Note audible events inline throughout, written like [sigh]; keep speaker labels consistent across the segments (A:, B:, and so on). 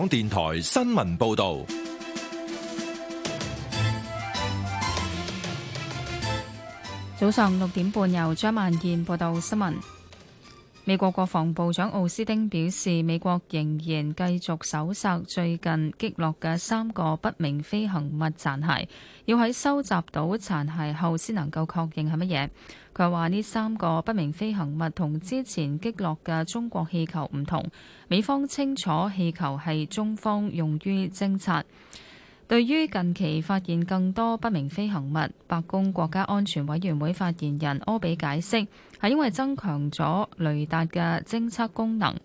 A: 港電台新聞報道，
B: 早上六點半由張曼燕報道新聞。美國國防部長奧斯丁表示，美國仍然繼續搜索最近擊落嘅三個不明飛行物殘骸，要喺收集到殘骸後先能夠確認係乜嘢。佢話呢三個不明飛行物同之前擊落嘅中國氣球唔同，美方清楚氣球係中方用於偵察。對於近期發現更多不明飛行物，白宮國家安全委員會發言人柯比解釋係因為增強咗雷達嘅偵測功能。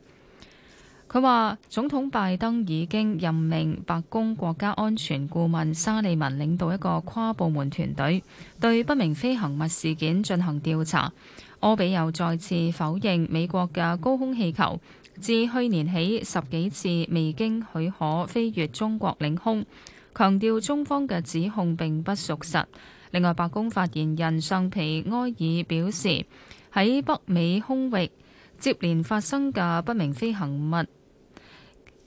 B: 佢話：總統拜登已經任命白宮國家安全顧問沙利文領導一個跨部門團隊，對不明飛行物事件進行調查。柯比又再次否認美國嘅高空氣球自去年起十幾次未經許可飛越中國領空。強調中方嘅指控並不屬實。另外，白宮發言人尚皮埃爾表示，喺北美空域接連發生嘅不明飛行物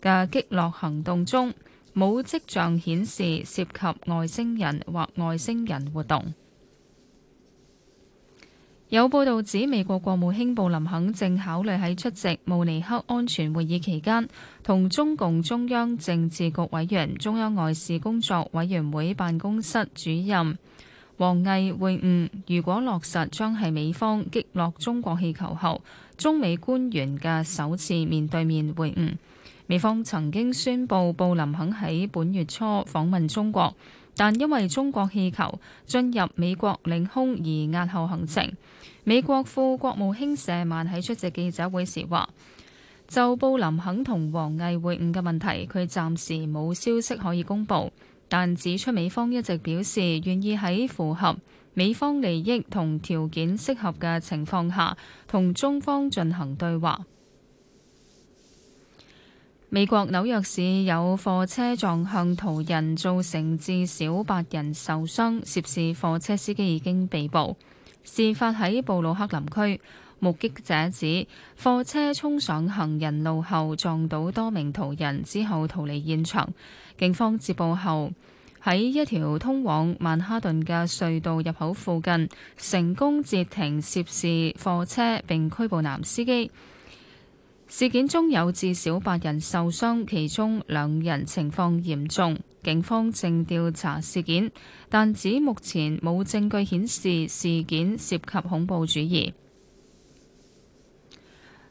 B: 嘅擊落行動中，冇跡象顯示涉及外星人或外星人活動。有報道指，美國國務卿布林肯正考慮喺出席慕尼黑安全會議期間，同中共中央政治局委員、中央外事工作委員會辦公室主任王毅會晤。如果落實，將係美方擊落中國氣球後，中美官員嘅首次面對面會晤。美方曾經宣布布林肯喺本月初訪問中國，但因為中國氣球進入美國領空而押後行程。美國副國務卿舍曼喺出席記者會時話：就布林肯同王毅會晤嘅問題，佢暫時冇消息可以公布，但指出美方一直表示願意喺符合美方利益同條件適合嘅情況下，同中方進行對話。美國紐約市有貨車撞向途人，造成至少八人受傷，涉事貨車司機已經被捕。事發喺布魯克林區，目擊者指貨車衝上行人路後撞到多名途人，之後逃離現場。警方接報後，喺一條通往曼哈頓嘅隧道入口附近成功截停涉事貨車並拘捕男司機。事件中有至少八人受傷，其中兩人情況嚴重。警方正調查事件，但指目前冇證據顯示事件涉及恐怖主義。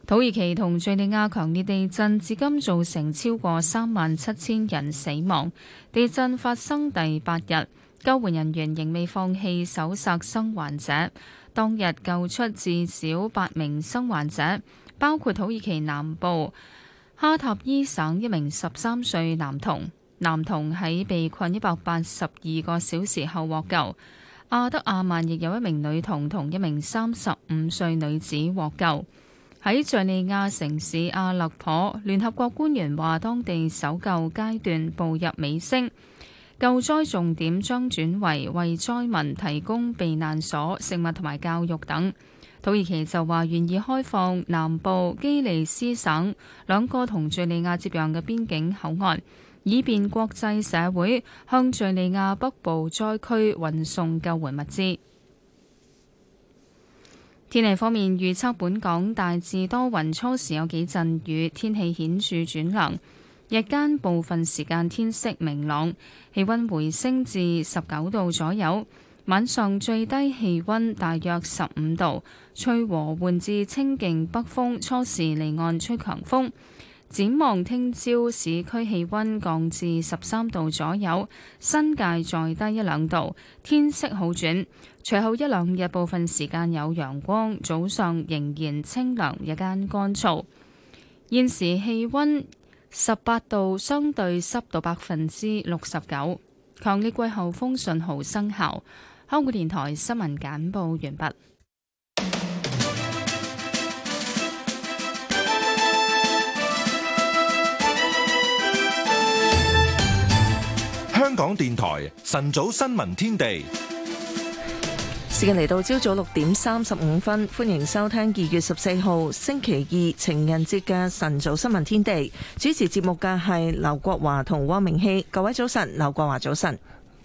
B: 土耳其同敘利亞強烈地震至今造成超過三萬七千人死亡。地震發生第八日，救援人員仍未放棄搜尋生還者。當日救出至少八名生還者，包括土耳其南部哈塔伊省一名十三歲男童。男童喺被困一百八十二個小時後獲救。阿德亞曼亦有一名女童同一名三十五歲女子獲救。喺敘利亞城市阿勒頗，聯合國官員話，當地搜救階段步入尾聲，救災重點將轉為為災民提供避難所、食物同埋教育等。土耳其就話願意開放南部基利斯省兩個同敘利亞接壤嘅邊境口岸。以便國際社會向敍利亞北部災區運送救援物資。天氣方面預測，本港大致多雲，初時有幾陣雨，天氣顯著轉涼，日間部分時間天色明朗，氣温回升至十九度左右，晚上最低氣温大約十五度，吹和緩至清勁北風，初時離岸吹強風。展望聽朝市區氣温降至十三度左右，新界再低一兩度，天色好轉。隨後一兩日部分時間有陽光，早上仍然清涼，日間乾燥。現時氣温十八度，相對濕度百分之六十九。強烈季候風信號生效。香港電台新聞簡報完畢。
A: 香港電台晨早新聞天地，
C: 時間嚟到朝早六點三十五分，歡迎收聽二月十四號星期二情人節嘅晨早新聞天地。主持節目嘅係劉國華同汪明熙，各
D: 位早晨。劉國華早晨，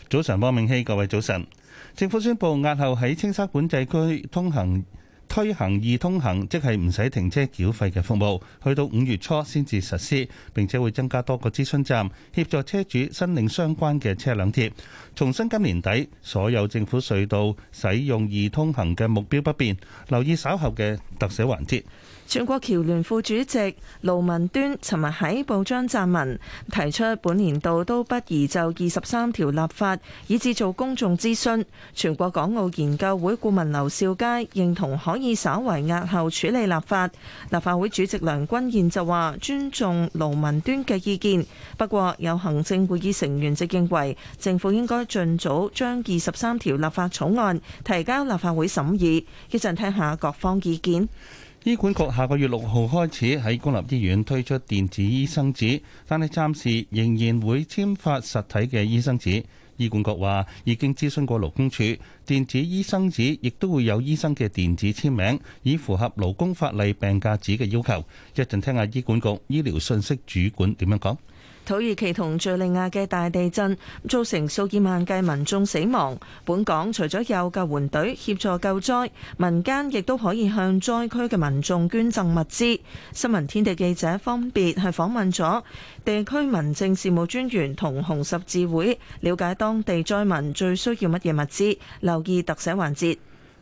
D: 早晨，汪明熙，各位早晨。政府宣佈押後喺青沙管制區通行。推行易通行，即係唔使停車繳費嘅服務，去到五月初先至實施，並且會增加多個諮詢站，協助車主申領相關嘅車輛貼。重申今年底所有政府隧道使用易通行嘅目標不變，留意稍後嘅特寫環節。
C: 全國僑聯副主席盧文端尋日喺報章撰文，提出本年度都不宜就二十三條立法以致做公眾諮詢。全國港澳研究會顧問劉少佳認同可以稍為押後處理立法。立法會主席梁君彥就話尊重盧文端嘅意見，不過有行政會議成員就認為政府應該盡早將二十三條立法草案提交立法會審議，一陣聽下各方意見。
D: 醫管局下個月六號開始喺公立醫院推出電子醫生紙，但係暫時仍然會簽發實體嘅醫生紙。醫管局話已經諮詢過勞工處，電子醫生紙亦都會有醫生嘅電子簽名，以符合勞工法例病假紙嘅要求。一陣聽下醫管局醫療信息主管點樣講。
C: 土耳其同敘利亞嘅大地震造成數以萬計民眾死亡。本港除咗有救援隊協助救災，民間亦都可以向災區嘅民眾捐贈物資。新聞天地記者分別係訪問咗地區民政事務專員同紅十字會，了解當地災民最需要乜嘢物資。留意特寫環節。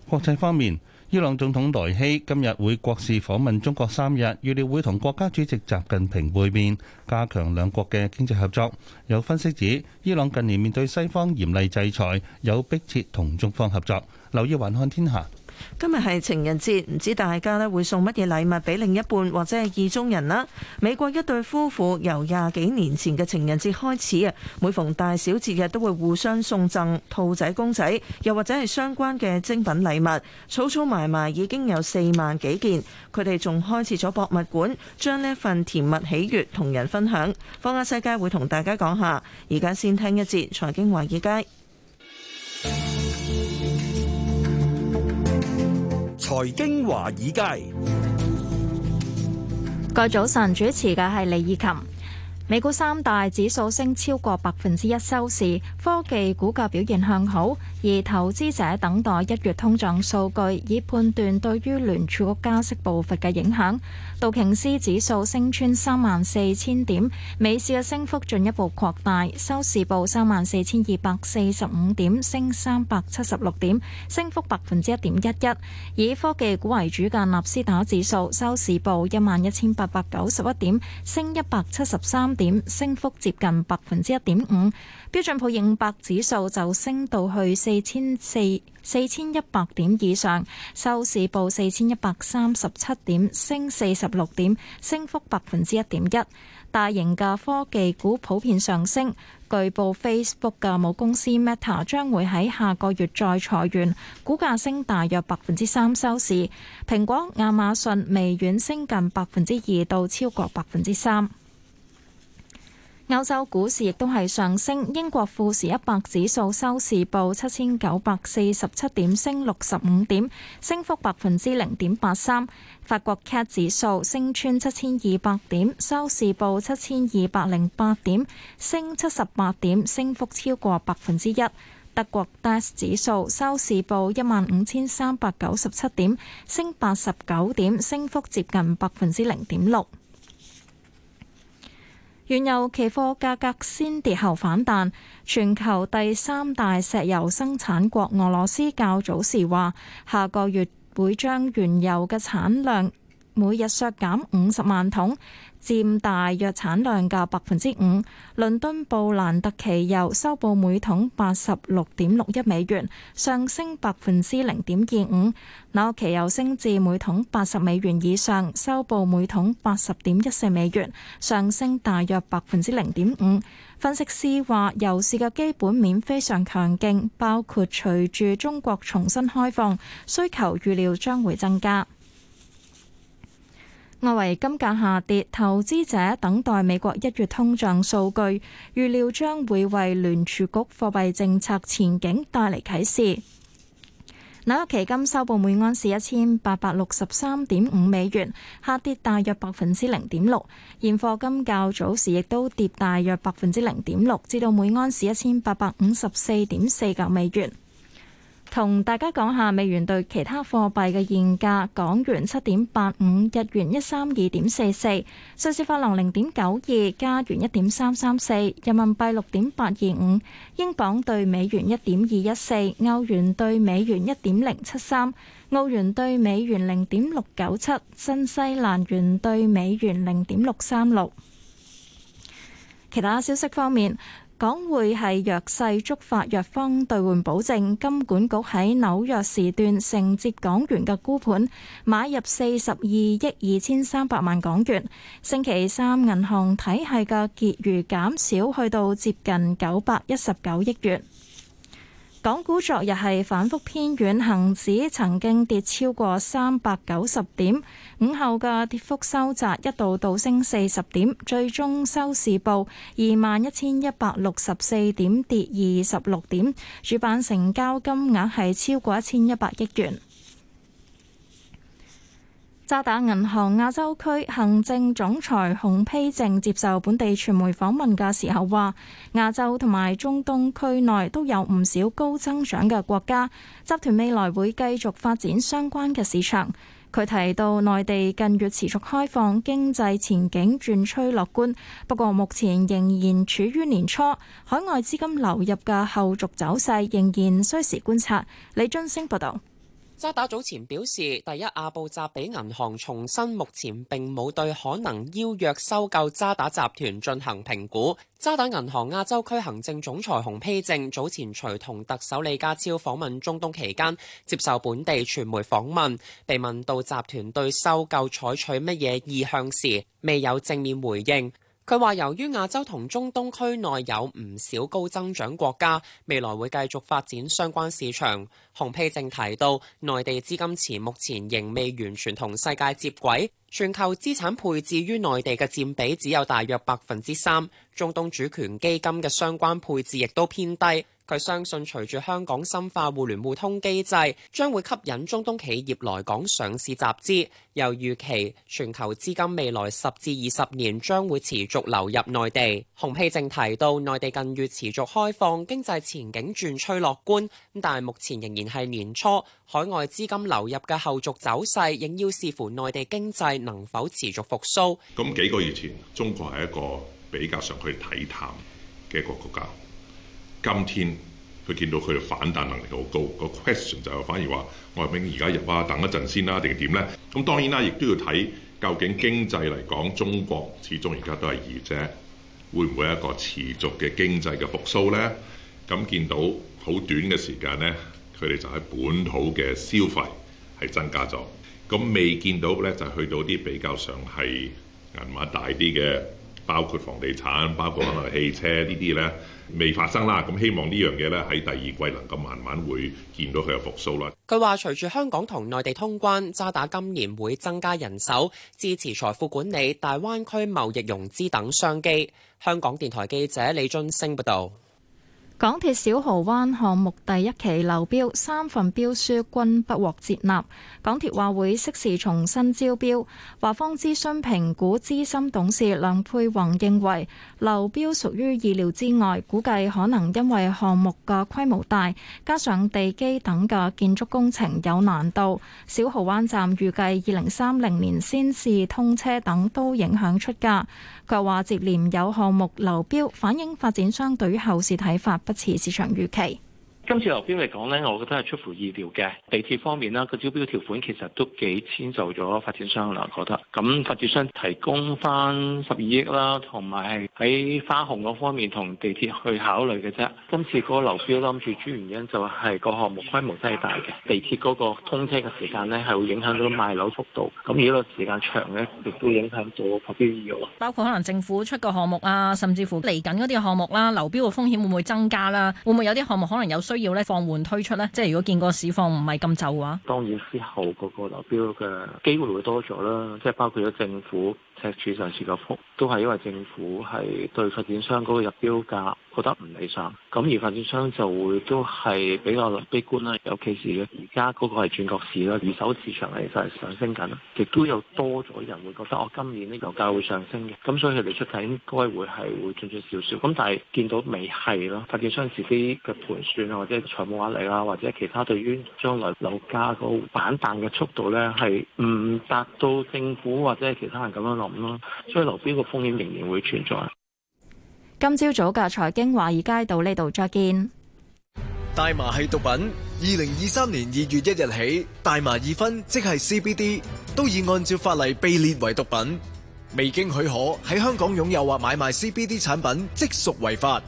D: 國際方面。伊朗總統萊希今日會國事訪問中國三日，預料會同國家主席習近平會面，加強兩國嘅經濟合作。有分析指，伊朗近年面對西方嚴厲制裁，有迫切同中方合作。留意《還看天下》。
C: 今日係情人節，唔知大家呢會送乜嘢禮物俾另一半或者係意中人啦？美國一對夫婦由廿幾年前嘅情人節開始啊，每逢大小節日都會互相送贈兔仔公仔，又或者係相關嘅精品禮物，草草埋埋，埋，埋，埋已經有四萬幾件。佢哋仲開設咗博物館，將呢份甜蜜喜悦同人分享。放下世界，會同大家講下。而家先聽一節財經華爾街。
E: 財經華爾街，
F: 各位早晨，主持嘅係李爾琴。美股三大指數升超過百分之一收市，科技股價表現向好，而投資者等待一月通脹數據，以判斷對於聯儲局加息步伐嘅影響。道瓊斯指數升穿三萬四千點，美市嘅升幅進一步擴大，收市報三萬四千二百四十五點，升三百七十六點，升幅百分之一點一一。以科技股為主嘅納斯達指數，收市報一萬一千八百九十一點，升一百七十三點，升幅接近百分之一點五。標準普爾五百指數就升到去四千四四千一百點以上，收市報四千一百三十七點，升四十六點，升幅百分之一點一。大型嘅科技股普遍上升，據報 Facebook 嘅母公司 Meta 將會喺下個月再裁員，股價升大約百分之三。收市，蘋果、亞馬遜、微軟升近百分之二到超過百分之三。歐洲股市亦都係上升，英國富時一百指數收市報七千九百四十七點，升六十五點，升幅百分之零點八三。法國 CAC 指數升穿七千二百點，收市報七千二百零八點，升七十八點，升幅超過百分之一。德國 DAX 指數收市報一萬五千三百九十七點，升八十九點，升幅接近百分之零點六。原油期貨價格先跌後反彈。全球第三大石油生產國俄羅斯較早時話，下個月會將原油嘅產量每日削減五十萬桶。佔大約產量嘅百分之五，倫敦布蘭特期油收報每桶八十六點六一美元，上升百分之零點二五；紐期油升至每桶八十美元以上，收報每桶八十點一四美元，上升大約百分之零點五。分析師話，油市嘅基本面非常強勁，包括隨住中國重新開放，需求預料將會增加。外圍金價下跌，投資者等待美國一月通脹數據，預料將會為聯儲局貨幣政策前景帶嚟啟示。紐約期金收報每盎司一千八百六十三點五美元，下跌大約百分之零點六。現貨金較早時亦都跌大約百分之零點六，至到每盎司一千八百五十四點四九美元。同大家講下美元對其他貨幣嘅現價，港元七點八五，日元一三二點四四，瑞士法郎零點九二，加元一點三三四，人民幣六點八二五，英鎊對美元一點二一四，歐元對美元一點零七三，澳元對美元零點六九七，新西蘭元對美元零點六三六。其他消息方面。港匯係弱勢，觸發弱方兌換保證，金管局喺紐約時段承接港元嘅沽盤，買入四十二億二千三百萬港元。星期三銀行體系嘅結餘減少去到接近九百一十九億元。港股昨日係反覆偏軟，恒指曾經跌超過三百九十點，午後嘅跌幅收窄，一度倒升四十點，最終收市報二萬一千一百六十四點，跌二十六點，主板成交金額係超過一千一百億元。渣打銀行亞洲區行政總裁洪丕正接受本地傳媒訪問嘅時候話：亞洲同埋中東區內都有唔少高增長嘅國家，集團未來會繼續發展相關嘅市場。佢提到內地近月持續開放經濟前景，轉趨樂觀。不過目前仍然處於年初，海外資金流入嘅後續走勢仍然需時觀察。李津升報道。
G: 渣打早前表示，第一阿布扎比銀行重申目前並冇對可能邀約收購渣打集團進行評估。渣打銀行亞洲區行政總裁洪丕正早前隨同特首李家超訪問中東期間，接受本地傳媒訪問，被問到集團對收購採取乜嘢意向時，未有正面回應。佢話：由於亞洲同中東區內有唔少高增長國家，未來會繼續發展相關市場。洪丕正提到，內地資金池目前仍未完全同世界接軌，全球資產配置於內地嘅佔比只有大約百分之三，中東主權基金嘅相關配置亦都偏低。佢相信，隨住香港深化互聯互通機制，將會吸引中東企業來港上市集資，又預期全球資金未來十至二十年將會持續流入內地。洪熙正提到，內地近月持續開放，經濟前景轉趨樂觀，但係目前仍然係年初海外資金流入嘅後續走勢仍要視乎內地經濟能否持續復甦，
A: 咁幾個月前，中國係一個比較上去睇淡嘅一個國家。今天佢見到佢嘅反彈能力好高，個 question 就係，反而話：我係咪而家入啊？等一陣先啦，啊，定係點呢？咁當然啦，亦都要睇究竟經濟嚟講，中國始終而家都係二隻，會唔會一個持續嘅經濟嘅復甦呢？咁見到好短嘅時間呢，佢哋就喺本土嘅消費係增加咗。咁未見到呢，就去到啲比較上係銀碼大啲嘅，包括房地產、包括可能汽車呢啲呢。未發生啦，咁希望呢樣嘢呢，喺第二季能夠慢慢會見到佢嘅復甦啦。
G: 佢話：隨住香港同內地通關，渣打今年會增加人手，支持財富管理、大灣區貿易融資等商機。香港電台記者李津星報道：
F: 「港鐵小濠灣項目第一期流標，三份標書均不獲接納。港鐵話會適時重新招標。華方諮詢評估資深董事梁佩宏認為，流標屬於意料之外，估計可能因為項目嘅規模大，加上地基等嘅建築工程有難度。小蠔灣站預計二零三零年先至通車等都影響出價。佢話接連有項目流標，反映發展商對於後市睇法不似市場預期。
H: 今次流標嚟講咧，我覺得係出乎意料嘅。地鐵方面啦，個招標條款其實都幾遷就咗發展商啦，我覺得咁發展商提供翻十二億啦，同埋喺花紅嗰方面同地鐵去考慮嘅啫。今次個流標諗住主要原因就係個項目規模真係大嘅，地鐵嗰個通車嘅時間咧係會影響到賣樓速度，咁如果時間長咧亦都影響咗出標意願。
F: 包括可能政府出個項目啊，甚至乎嚟緊嗰啲項目啦、啊，流標嘅風險會唔會增加啦、啊？會唔會有啲項目可能有需要咧放緩推出咧，即係如果見個市況唔係咁就
H: 嘅話，當然之後嗰個流標嘅機會會多咗啦，即係包括咗政府。赤柱上次個幅都係因為政府係對發展商嗰個入標價覺得唔理想，咁而發展商就會都係比較悲觀啦。尤其是而家嗰個係轉角市啦，二手市場咧就係上升緊，亦都有多咗人會覺得我、哦、今年呢個價會上升嘅，咁所以佢哋出價應該會係會進少少。咁但係見到未係咯，發展商自己嘅盤算啊，或者財務壓力啦，或者其他對於將來樓價個反彈嘅速度咧，係唔達到政府或者其他人咁樣落。咁咯，所以樓標個風險仍然會存在。
F: 今朝早嘅財經華爾街到呢度再見。
I: 大麻係毒品，二零二三年二月一日起，大麻二酚即係 CBD 都已按照法例被列為毒品，未經許可喺香港擁有或買賣 CBD 產品即屬違法。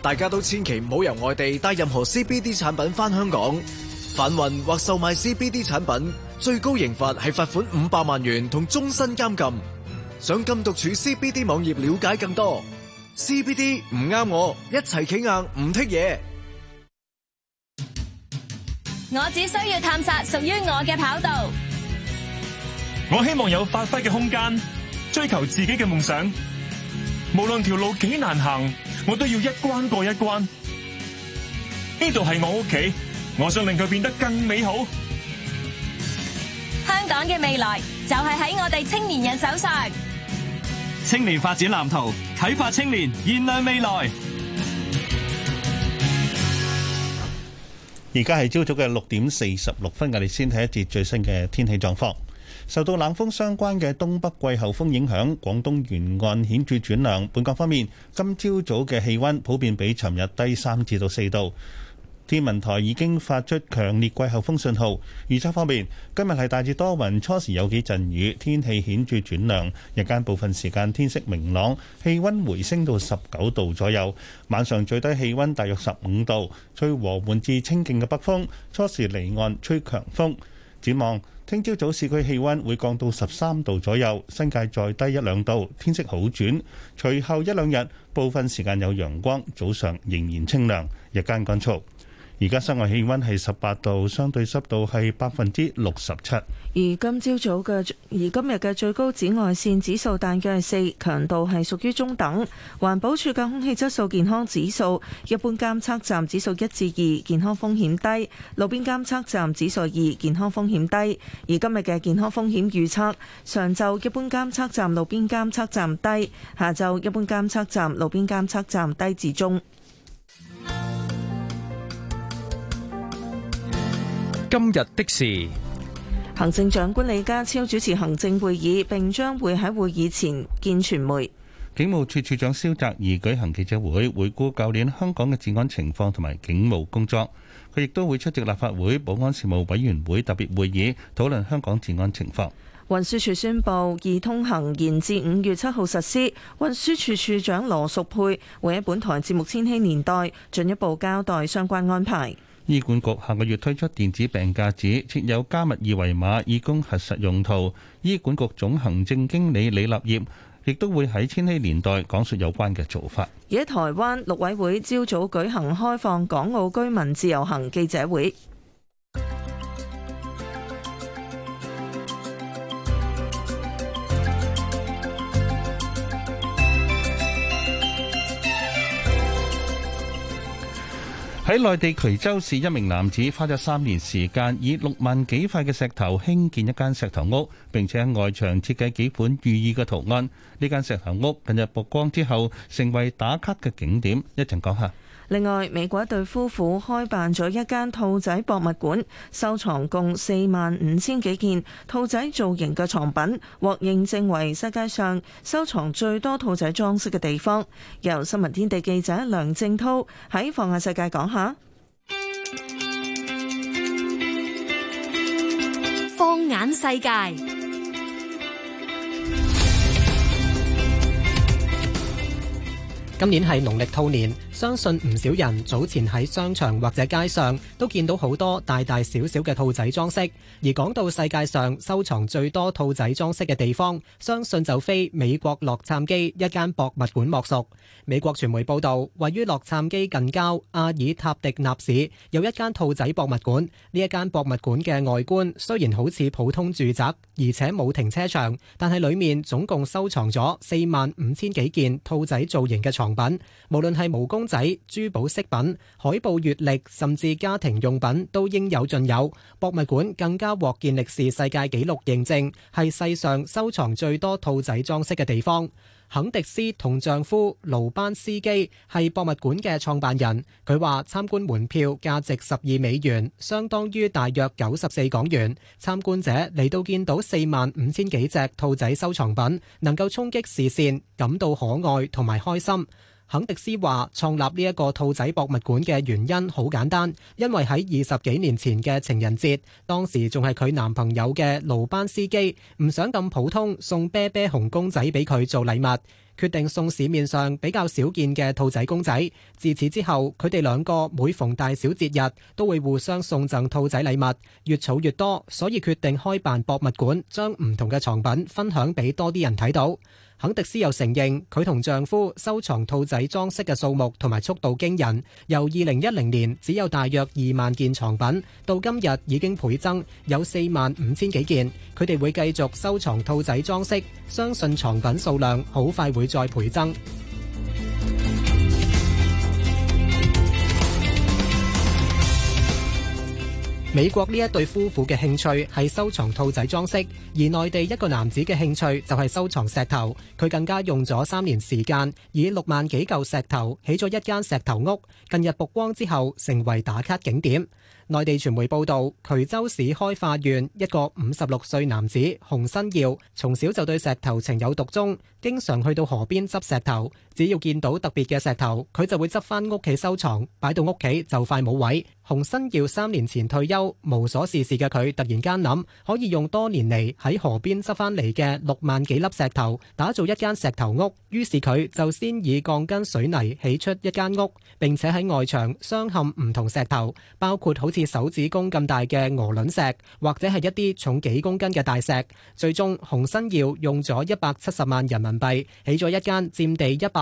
I: 大家都千祈唔好由外地帶任何 CBD 產品翻香港，販運或售賣 CBD 產品最高刑罰係罰款五百萬元同終身監禁。上禁毒處 CBD 網頁了解更多，CBD 唔啱我，一齊企
E: 硬唔踢嘢。
J: 我只需要探索屬於我嘅跑道。
E: 我希望有發揮嘅空間，追求自己嘅夢想。無論條路幾難行，我都要一關過一關。呢度係我屋企，我想令佢變得更美好。
J: 香港嘅未來就係喺我哋青年人手上。
E: 青年發展藍圖，啟發青年，燃亮未來。
D: 而家係朝早嘅六點四十六分，我哋先睇一節最新嘅天氣狀況。受到冷鋒相關嘅東北季候風影響，廣東沿岸顯著轉涼。本港方面，今朝早嘅氣温普遍比尋日低三至到四度。天文台已經發出強烈季候風信號。預測方面，今日係大致多雲，初時有幾陣雨，天氣顯著轉涼。日間部分時間天色明朗，氣温回升到十九度左右。晚上最低氣温大約十五度，吹和緩至清勁嘅北風，初時離岸吹強風。展望聽朝早，早市區氣温會降到十三度左右，新界再低一兩度，天色好轉。隨後一兩日部分時間有陽光，早上仍然清涼，日間乾燥。而家室外氣温係十八度，相對濕度係百分之六十七。
C: 而今朝早嘅，而今日嘅最高紫外線指數大約係四，強度係屬於中等。環保署嘅空氣質素健康指數，一般監測站指數一至二，2, 健康風險低；路邊監測站指數二，健康風險低。而今日嘅健康風險預測，上晝一般監測站、路邊監測站低，下晝一般監測站、路邊監測站低至中。
I: 今日的
D: 事，
C: 行政長官李家超主持行政會議，並將會喺會議
D: 前見傳媒。警務處處長蕭澤頤舉行記者會，回顧舊年香港嘅治安情況同埋警務工作。佢亦都會出席立法會保安事務委員會特別會議，討論香港治安情況。
C: 運輸署宣佈，易通行延至五月七號實施。運輸署署長羅淑佩會喺本台節目《千禧年代》進一步交代相關安排。
D: 醫管局下個月推出電子病假紙，設有加密二維碼，以供核實用途。醫管局總行政經理李立業亦都會喺千禧年代講述有關嘅做法。
C: 而喺台灣，陸委會朝早舉行開放港澳居民自由行記者會。
D: 喺內地渠州市，一名男子花咗三年時間，以六萬幾塊嘅石頭興建一間石頭屋，並且外牆設計幾款寓意嘅圖案。呢間石頭屋近日曝光之後，成為打卡嘅景點。一陣講下。
C: 另外，美國一對夫婦開辦咗一間兔仔博物館，收藏共四萬五千幾件兔仔造型嘅藏品，獲認證為世界上收藏最多兔仔裝飾嘅地方。由新聞天地記者梁正濤喺放眼世界講下。放眼世界，
K: 今年係農曆兔年。相信唔少人早前喺商場或者街上都見到好多大大小小嘅兔仔裝飾。而講到世界上收藏最多兔仔裝飾嘅地方，相信就非美國洛杉磯一間博物館莫屬。美國傳媒報道，位於洛杉磯近郊阿爾塔迪納市有一間兔仔博物館。呢一間博物館嘅外觀雖然好似普通住宅，而且冇停車場，但係裏面總共收藏咗四萬五千幾件兔仔造型嘅藏品，無論係毛公。仔珠寶飾品、海報、月曆，甚至家庭用品都應有盡有。博物館更加獲健力士世界紀錄認證，係世上收藏最多兔仔裝飾嘅地方。肯迪斯同丈夫盧班斯基係博物館嘅創辦人。佢話參觀門票價值十二美元，相當於大約九十四港元。參觀者嚟到見到四萬五千幾隻兔仔收藏品，能夠衝擊視線，感到可愛同埋開心。肯迪斯話：創立呢一個兔仔博物館嘅原因好簡單，因為喺二十幾年前嘅情人節，當時仲係佢男朋友嘅勞班司機，唔想咁普通送啤啤熊公仔俾佢做禮物，決定送市面上比較少見嘅兔仔公仔。自此之後，佢哋兩個每逢大小節日都會互相送贈兔仔禮物，越儲越多，所以決定開辦博物館，將唔同嘅藏品分享俾多啲人睇到。肯迪斯又承認，佢同丈夫收藏兔仔裝飾嘅數目同埋速度驚人，由二零一零年只有大約二萬件藏品，到今日已經倍增，有四萬五千幾件。佢哋會繼續收藏兔仔裝飾，相信藏品數量好快會再倍增。美國呢一對夫婦嘅興趣係收藏兔仔裝飾，而內地一個男子嘅興趣就係收藏石頭。佢更加用咗三年時間，以六萬幾嚿石頭起咗一間石頭屋。近日曝光之後，成為打卡景點。內地傳媒報道，衢州市開化縣一個五十六歲男子洪新耀從小就對石頭情有獨鍾，經常去到河邊執石頭。只要見到特別嘅石頭，佢就會執翻屋企收藏，擺到屋企就快冇位。洪新耀三年前退休，無所事事嘅佢突然間諗可以用多年嚟喺河邊執翻嚟嘅六萬幾粒石頭打造一間石頭屋，於是佢就先以鋼筋水泥起出一間屋，並且喺外牆鑲嵌唔同石頭，包括好似手指公咁大嘅鵝卵石，或者係一啲重幾公斤嘅大石。最終，洪新耀用咗一百七十萬人民幣起咗一間佔地一百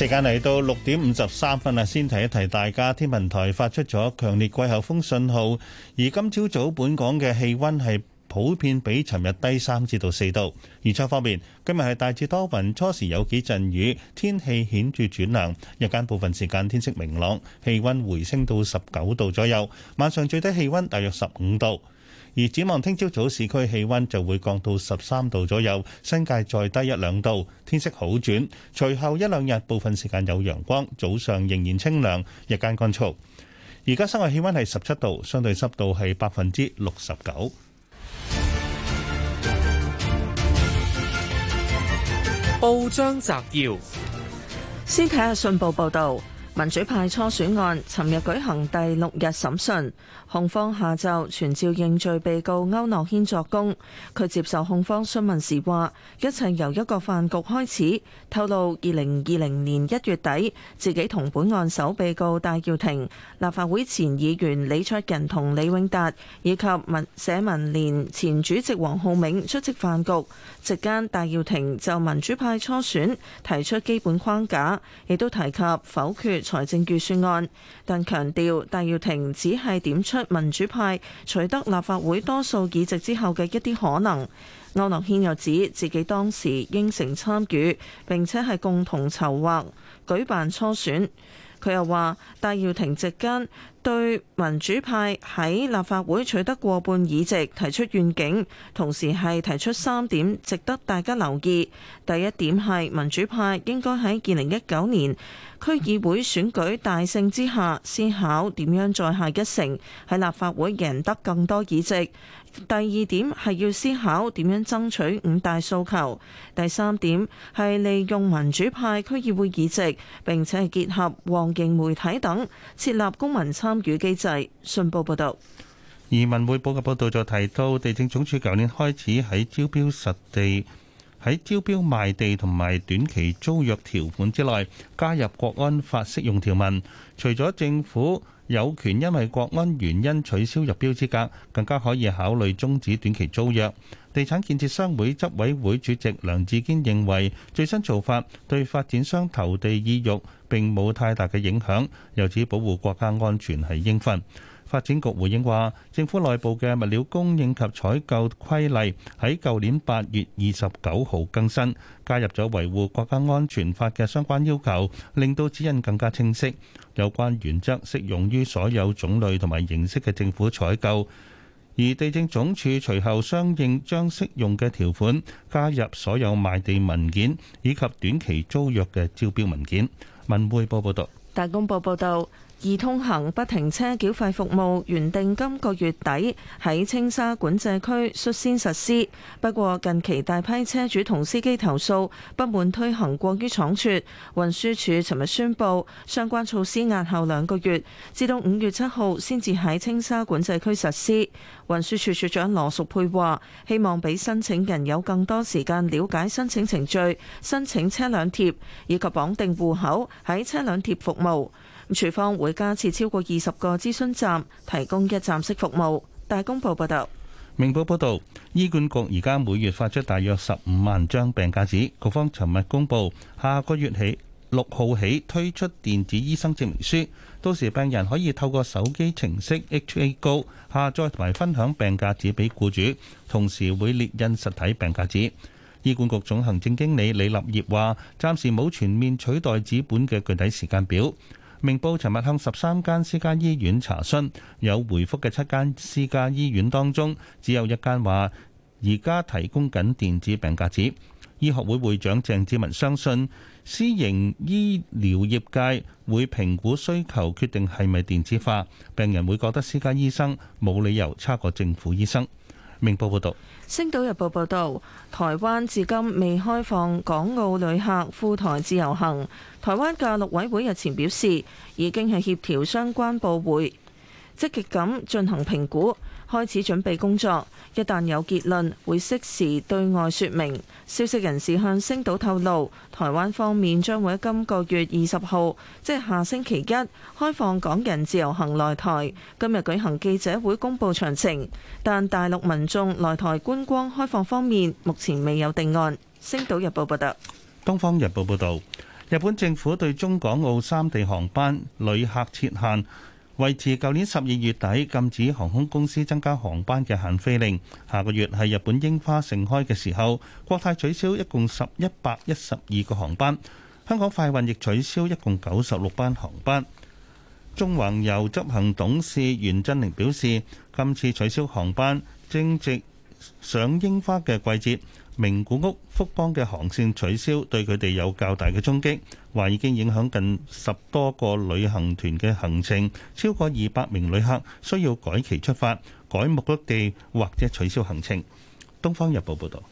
D: 時間嚟到六點五十三分啦，先提一提大家，天文台發出咗強烈季候風信號。而今朝早早本港嘅氣温係普遍比尋日低三至到四度。預測方面，今日係大致多雲，初時有幾陣雨，天氣顯著轉涼。日間部分時間天色明朗，氣温回升到十九度左右。晚上最低氣温大約十五度。而展望聽朝早，早市區氣温就會降到十三度左右，新界再低一兩度，天色好轉。隨後一兩日部分時間有陽光，早上仍然清涼，日間乾燥。而家室外氣溫係十七度，相對濕度係百分之六十九。報章摘要：先
L: 睇
C: 下信報報道。民主派初選案，尋日舉行第六日審訊，控方下晝傳召認罪被告歐諾軒作供。佢接受控方詢問時話，一切由一個飯局開始。透露二零二零年一月底，自己同本案首被告戴耀廷、立法會前議員李卓人同李永達以及民社民連前主席黃浩銘出席飯局。席間戴耀廷就民主派初選提出基本框架，亦都提及否決。財政預算案，但強調戴耀廷只係點出民主派取得立法會多數議席之後嘅一啲可能。區諾軒又指自己當時應承參與，並且係共同籌劃舉辦初選。佢又話，戴耀廷席間對民主派喺立法會取得過半議席提出願景，同時係提出三點值得大家留意。第一點係民主派應該喺二零一九年區議會選舉大勝之下，思考點樣再下一城喺立法會贏得更多議席。第二點係要思考點樣爭取五大訴求。第三點係利用民主派區議會議席，並且係結合黃營媒體等，設立公民參與機制。信報報
D: 道：而文匯報嘅報道就提到，地政總署舊年開始喺招標實地。喺招標賣地同埋短期租約條款之內加入國安法適用條文，除咗政府有權因為國安原因取消入標資格，更加可以考慮終止短期租約。地產建設商會執委會主席梁志堅認為，最新做法對發展商投地意欲並冇太大嘅影響，由此保護國家安全係應分。發展局回應話：政府內部嘅物料供應及採購規例喺舊年八月二十九號更新，加入咗維護國家安全法嘅相關要求，令到指引更加清晰。有關原則適用於所有種類同埋形式嘅政府採購。而地政總署隨後相應將適用嘅條款加入所有賣地文件以及短期租約嘅招標文件。文匯報報道，
C: 大公報報道。易通行不停車繳費服務原定今個月底喺青沙管制區率先實施，不過近期大批車主同司機投訴不滿推行過於倉促。運輸署尋日宣布，相關措施押後兩個月，至到五月七號先至喺青沙管制區實施。運輸署署署長羅淑佩話，希望俾申請人有更多時間了解申請程序、申請車輛貼以及綁定戶口喺車輛貼服務。處方會加設超過二十個諮詢站，提供一站式服務。大公報報道，
D: 明報報道，醫管局而家每月發出大約十五萬張病假紙。局方尋日公布，下個月起六號起推出電子醫生證明書，到時病人可以透過手機程式 HA Go 下載同埋分享病假紙俾雇主，同時會列印實體病假紙。醫管局總行政經理李立業話：暫時冇全面取代紙本嘅具體時間表。明報尋日向十三間私家醫院查詢，有回覆嘅七間私家醫院當中，只有一間話而家提供緊電子病假紙。醫學會會長鄭志文相信，私營醫療業界會評估需求，決定係咪電子化。病人會覺得私家醫生冇理由差過政府醫生。明報報道。
C: 《星島日報》報道，台灣至今未開放港澳旅客赴台自由行。台灣嘅陸委會日前表示，已經係協調相關部會，積極咁進行評估，開始準備工作。一旦有結論，會適時對外說明。消息人士向星島透露，台灣方面將會喺今個月二十號，即係下星期一開放港人自由行來台。今日舉行記者會公佈詳情，但大陸民眾來台觀光開放方面，目前
D: 未有定案。星島日報報道。東方日報報道。日本政府對中港澳三地航班旅客設限，維持舊年十二月底禁止航空公司增加航班嘅限飛令。下個月係日本櫻花盛開嘅時候，國泰取消一共十一百一十二個航班，香港快運亦取消一共九十六班航班。縱橫遊執行董事袁振寧表示，今次取消航班正值賞櫻花嘅季節。名古屋、福岡嘅航線取消，對佢哋有較大嘅衝擊，話已經影響近十多個旅行團嘅行程，超過二百名旅客需要改期出發，改目的地或者取消行程。《東方日報》報道。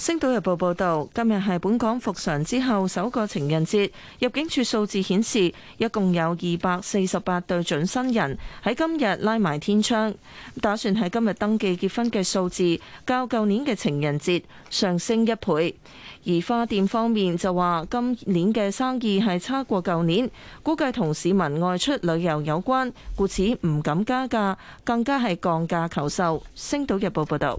C: 星島日報報道，今日係本港復常之後首個情人節，入境處數字顯示，一共有二百四十八對準新人喺今日拉埋天窗，打算喺今日登記結婚嘅數字，較舊年嘅情人節上升一倍。而花店方面就話，今年嘅生意係差過舊年，估計同市民外出旅遊有關，故此唔敢加價，更加係降價求售。星島日報報道。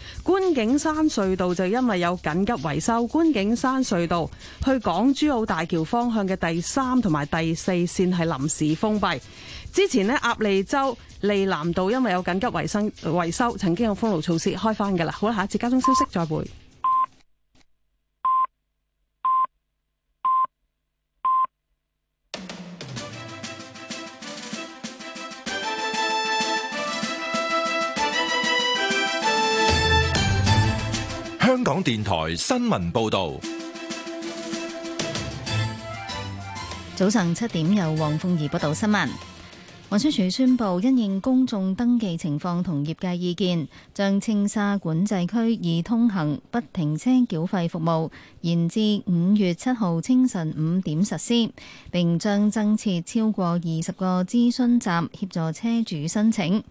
M: 觀景山隧道就因為有緊急維修，觀景山隧道去港珠澳大橋方向嘅第三同埋第四綫係臨時封閉。之前呢，鴨脷洲利南道因為有緊急維生維修，曾經有封路措施，開翻噶啦。好啦，下一次交通消息再會。
A: 香港電台新聞報道，
N: 早上七點由黃鳳儀報道新聞。運輸署宣布，因應公眾登記情況同業界意見，將青沙管制區易通行不停車繳費服務延至五月七號清晨五點實施，並將增設超過二十個諮詢站協助車主申請。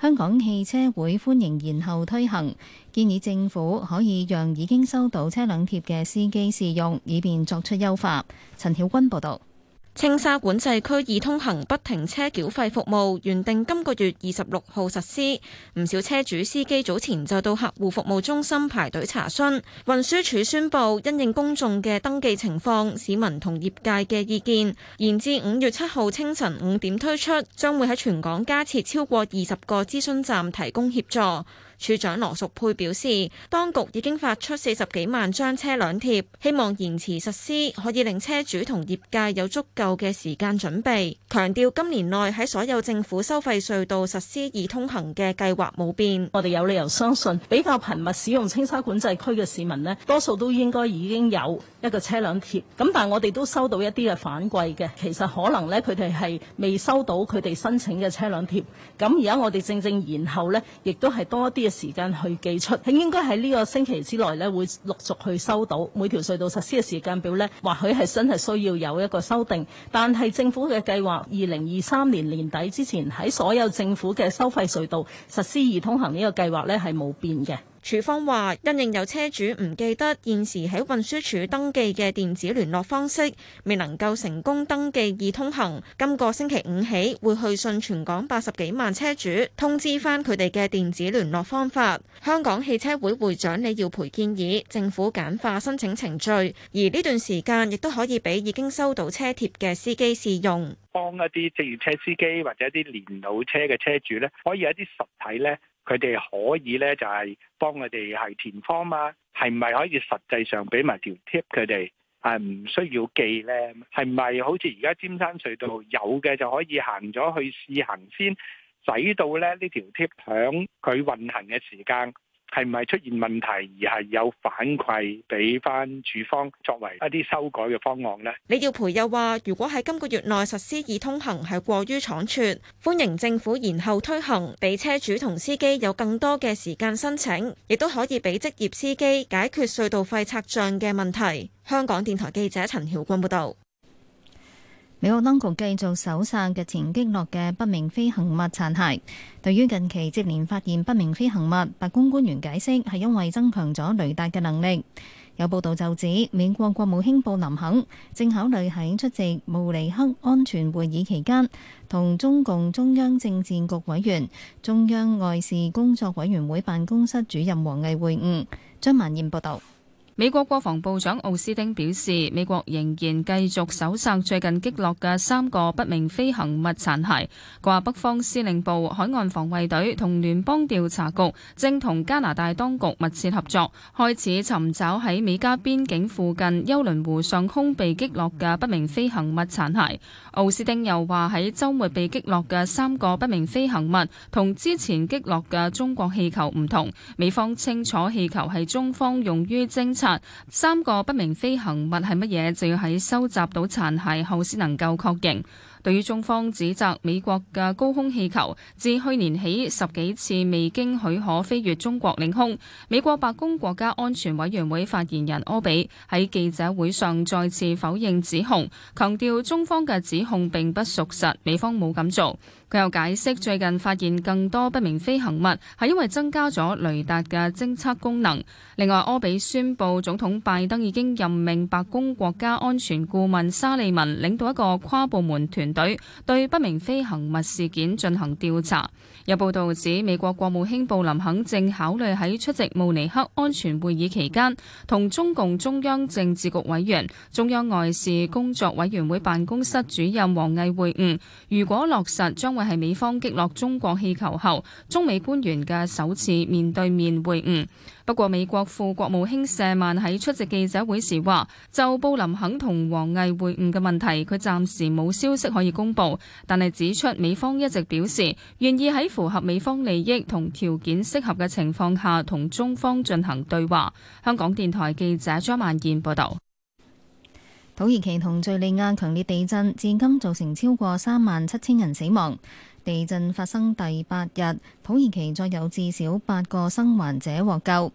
N: 香港汽車會歡迎延後推行，建議政府可以讓已經收到車輛貼嘅司機試用，以便作出優化。陳曉君報導。青
J: 沙管制區已通行不停車繳費服務，原定今個月二十六號實施，唔少車主司機早前就到客戶服務中心排隊查詢。運輸署宣布，因應公眾嘅登記情況、市民同業界嘅意見，延至五月七號清晨五點推出，將會喺全港加設超過二十個諮詢站提供協助。署長羅淑佩表示，當局已經發出四十幾萬張車輛貼，希望延遲實施，可以令車主同業界有足夠嘅時間準備。強調今年內喺所有政府收費隧道實施易通行嘅
O: 計劃冇變。我哋有理由相信，比較頻密使用青沙管制區嘅市民呢，多數都應該已經有一個車輛貼。咁但係我哋都收到一啲嘅反饋嘅，其實可能呢，佢哋係未收到佢哋申請嘅車輛貼。咁而家我哋正正延後呢，亦都係多一啲嘅，時間去寄出，係應該喺呢個星期之內咧，會陸續去收到每條隧道實施嘅時間表咧，或許係真係需要有一個修訂。但係政府嘅計劃，二零二三年年底之前喺所有政府嘅收費隧道實施易通行呢個計劃咧，係冇變嘅。署方話，因應有車主唔記得
J: 現時喺運輸署登記嘅電子聯絡方式，未能夠成功登記易通行，今個星期五起會去信全港八十幾萬車主，通知翻佢哋嘅電子聯絡方法。香港汽車會會長李耀培建議政府簡化申請程序，而呢段時間亦都可以俾已經收到車貼嘅司機試用，
P: 幫一啲職業車司機或者啲年老車嘅車主呢可以有一啲實體呢。佢哋可以呢，就係、是、幫佢哋係填方嘛、啊，係唔係可以實際上俾埋條 tip 佢哋係唔需要記呢？係咪好似而家尖山隧道有嘅就可以行咗去試行先，使到呢呢條 tip 響佢運行嘅時間？係唔係出現問題，而係有反饋俾翻主方作為一啲修改嘅方案呢？
J: 李耀培又話，如果喺今個月內實施易通行係過於倉促，歡迎政府延後推行，俾車主同司機有更多嘅時間申請，亦都可以俾職業司機解決隧道費拆賬嘅問題。香港電台記者陳曉君報道。
N: 美國當局繼續搜尋日前擊落嘅不明飛行物殘骸。對於近期接連發現不明飛行物，白宮官員解釋係因為增強咗雷達嘅能力。有報道就指，美國國務卿布林肯正考慮喺出席慕尼黑安全會議期間，同中共中央政治局委員、中央外事工作委員會辦公室主任王毅會晤。張曼燕報導。
B: 美國國防部長奧斯丁表示，美國仍然繼續搜索最近擊落嘅三個不明飛行物殘骸，佢話北方司令部海岸防衛隊同聯邦調查局，正同加拿大當局密切合作，開始尋找喺美加邊境附近休倫湖上空被擊落嘅不明飛行物殘骸。奧斯丁又話，喺周末被擊落嘅三個不明飛行物，同之前擊落嘅中國氣球唔同，美方清楚氣球係中方用於偵三個不明飛行物係乜嘢，就要喺收集到殘骸後先能夠確認。對於中方指責美國嘅高空氣球，自去年起十幾次未經許可飛越中國領空，美國白宮國家安全委員會發言人柯比喺記者會上再次否認指控，強調中方嘅指控並不屬實，美方冇咁做。佢又解釋，最近發現更多不明飛行物，係因為增加咗雷達嘅偵測功能。另外，柯比宣布，總統拜登已經任命白宮國家安全顧問沙利文領導一個跨部門團隊，對不明飛行物事件進行調查。有報道指，美國國務卿布林肯正考慮喺出席慕尼黑安全會議期間，同中共中央政治局委員、中央外事工作委員會辦公室主任王毅會晤。如果落實，將會係美方擊落中國氣球後，中美官員嘅首次面對面會晤。不過，美國副國務卿謝曼喺出席記者會時話，就布林肯同王毅會晤嘅問題，佢暫時冇消息可以公佈，但係指出美方一直表示願意喺符合美方利益同條件適合嘅情況下，同中方進行對話。香港電台記者張萬健報道。
N: 土耳其同敘利亞強烈地震至今造成超過三萬七千人死亡。地震發生第八日，土耳其再有至少八個生還者獲救。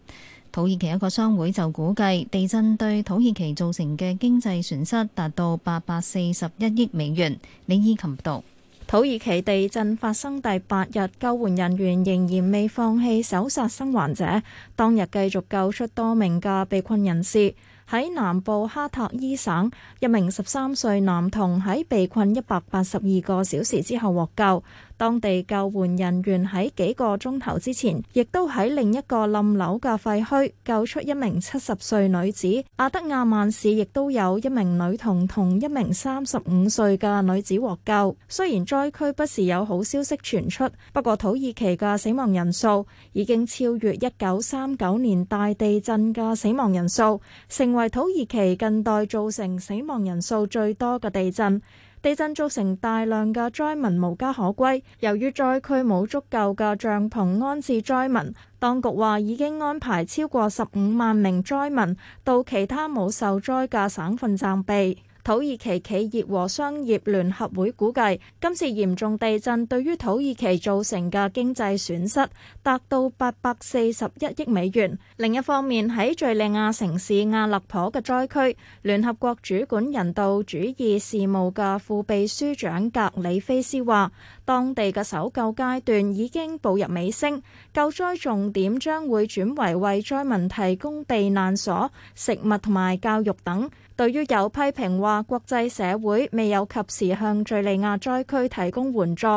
N: 土耳其一個商會就估計，地震對土耳其造成嘅經濟損失達到八百四十一億美元。李依琴道，土耳其地震發生第八日，救援人員仍
F: 然未放棄搜尋生還者，當日繼續救出多名嘅被困人士。喺南部哈塔伊省，一名十三歲男童喺被困一百八十二個小時之後獲救。當地救援人員喺幾個鐘頭之前，亦都喺另一個冧樓嘅廢墟救出一名七十歲女子。阿德亞曼市亦都有一名女童同一名三十五歲嘅女子獲救。雖然災區不時有好消息傳出，不過土耳其嘅死亡人數已經超越一九三九年大地震嘅死亡人數，成為土耳其近代造成死亡人數最多嘅地震。地震造成大量嘅災民無家可歸，由於災區冇足夠嘅帳篷安置災民，當局話已經安排超過十五萬名災民到其他冇受災嘅省份暫避。土耳其企業和商業聯合會估計，今次嚴重地震對於土耳其造成嘅經濟損失達到八百四十一億美元。另一方面，喺敘利亞城市阿勒頗嘅災區，聯合國主管人道主義事務嘅副秘書長格里菲斯話。當地嘅搜救階段已經步入尾聲，救災重點將會轉為為災民提供避難所、食物同埋教育等。對於有批評話國際社會未有及時向敘利亞災區提供援助，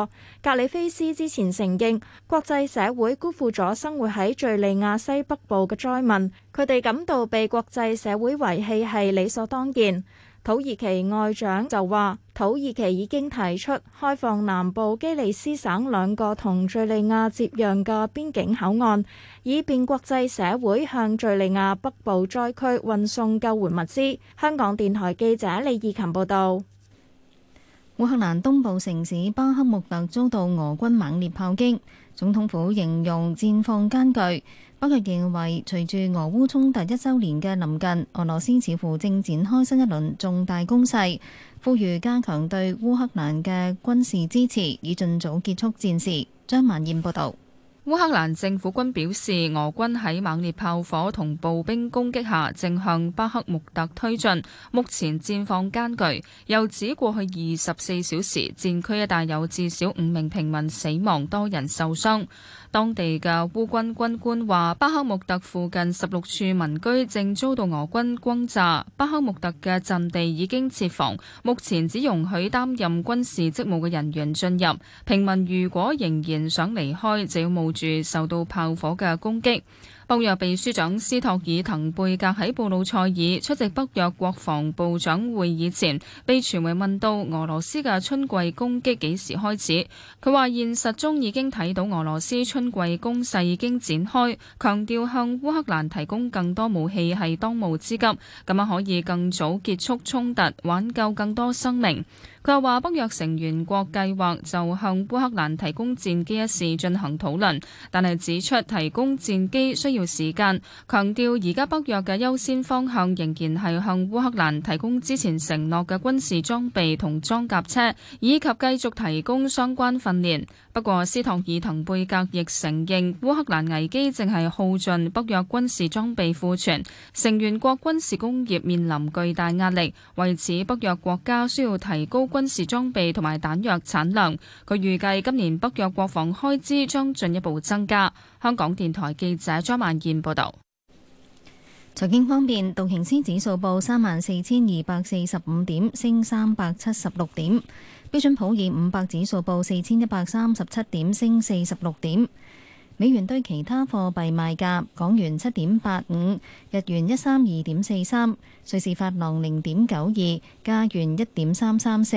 F: 格里菲斯之前承認國際社會辜負咗生活喺敘利亞西北部嘅災民，佢哋感到被國際社會遺棄係理所當然。土耳其外長就話：土耳其已經提出開放南部基利斯省兩個同敘利亞接壤嘅邊境口岸，以便國際社會向敘利亞北部災區運
N: 送救援物資。香港電台記者李義勤報道，烏克蘭東部城市巴克穆特遭到俄軍猛烈炮擊，總統府形容戰況艱巨。他認為，隨住俄烏衝突一週年嘅臨近，俄羅斯似乎正展開新一輪重大攻勢，呼籲加強對烏克蘭嘅軍事支持，以盡早結束戰事。張曼燕報導。
B: 烏克蘭政府軍表示，俄軍喺猛烈炮火同步兵攻擊下，正向巴克穆特推進，目前戰況艱巨。又指過去二十四小時，戰區一帶有至少五名平民死亡，多人受傷。當地嘅烏軍軍官話，巴克穆特附近十六處民居正遭到俄軍轟炸。巴克穆特嘅陣地已經設防，目前只容許擔任軍事職務嘅人員進入。平民如果仍然想離開，就要冒住受到炮火嘅攻擊。北約秘書長斯托爾滕貝格喺布魯塞爾出席北約國防部長會議前，被傳媒問到俄羅斯嘅春季攻擊幾時開始，佢話現實中已經睇到俄羅斯春季攻勢已經展開，強調向烏克蘭提供更多武器係當務之急，咁樣可以更早結束衝突，挽救更多生命。佢又話：北約成員國計劃就向烏克蘭提供戰機一事進行討論，但係指出提供戰機需要時間。強調而家北約嘅優先方向仍然係向烏克蘭提供之前承諾嘅軍事裝備同裝甲車，以及繼續提供相關訓練。不過，斯托爾滕貝格亦承認，烏克蘭危機正係耗盡北約軍事裝備庫存，成員國軍事工業面臨巨大壓力。為此，北約國家需要提高，軍事裝備同埋彈藥產量，佢預計今年北約國防開支將進一步增加。香港電台記者張曼燕報道。財經方面，道
N: 瓊斯指數報三萬四千二百四十五點，升三百七十六點；標準普爾五百指數報四千一百三十七點，升四十六點。美元對其他貨幣賣價：港元七點八五，日元一三二點四三，瑞士法郎零點九二，加元一點三三四。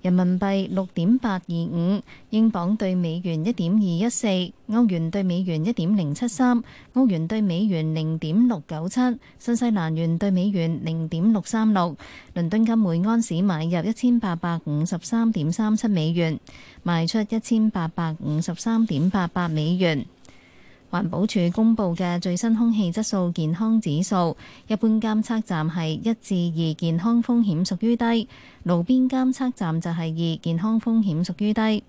N: 人民幣六點八二五，英鎊對美元一點二一四，歐元對美元一點零七三，歐元對美元零點六九七，新西蘭元對美元零點六三六。倫敦金每安士買入一千八百五十三點三七美元，賣出一千八百五十三點八八美元。環保署公布嘅最新空氣質素健康指數，一般監測站係一至二，健康風險屬於低；路邊監測站就係二，健康風險屬於低。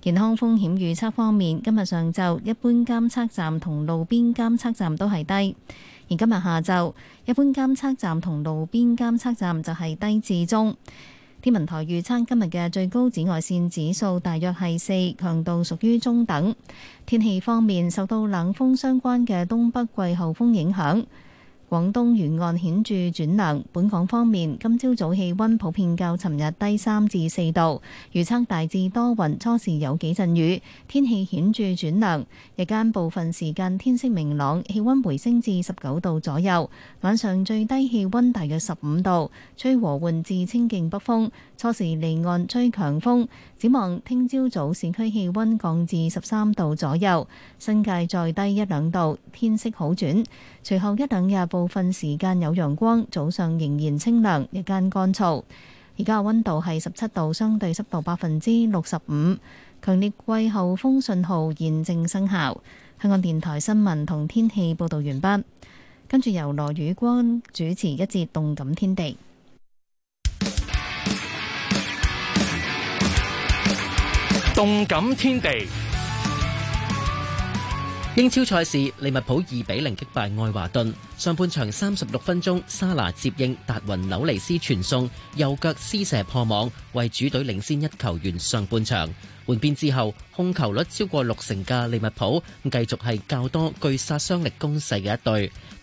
N: 健康風險預測方面，今日上晝一般監測站同路邊監測站都係低，而今日下晝一般監測站同路邊監測站就係低至中。天文台預測今日嘅最高紫外線指數大約係四，強度屬於中等。天氣方面，受到冷鋒相關嘅東北季候風影響。廣東沿岸顯著轉涼，本港方面今朝早氣溫普遍較尋日低三至四度，預測大致多雲，初時有幾陣雨，天氣顯著轉涼。日間部分時間天色明朗，氣溫回升至十九度左右，晚上最低氣溫大約十五度，吹和緩至清勁北風。初時離岸吹強風，展望聽朝早市區氣温降至十三度左右，新界再低一兩度，天色好轉。隨後一兩日部分時間有陽光，早上仍然清涼，日間乾燥。而家嘅温度係十七度，相對濕度百分之六十五。強烈季候風信號現正生效。香港電台新聞同天氣報導完畢，跟住由羅宇光主持一節動感天地。
Q: 動感天地。英超賽事利物浦二比零擊敗愛華頓。上半場三十六分鐘，沙拿接應達雲紐尼斯傳送，右腳施射破網，為主隊領先一球。完上半場，換邊之後控球率超過六成嘅利物浦，繼續係較多具殺傷力攻勢嘅一隊。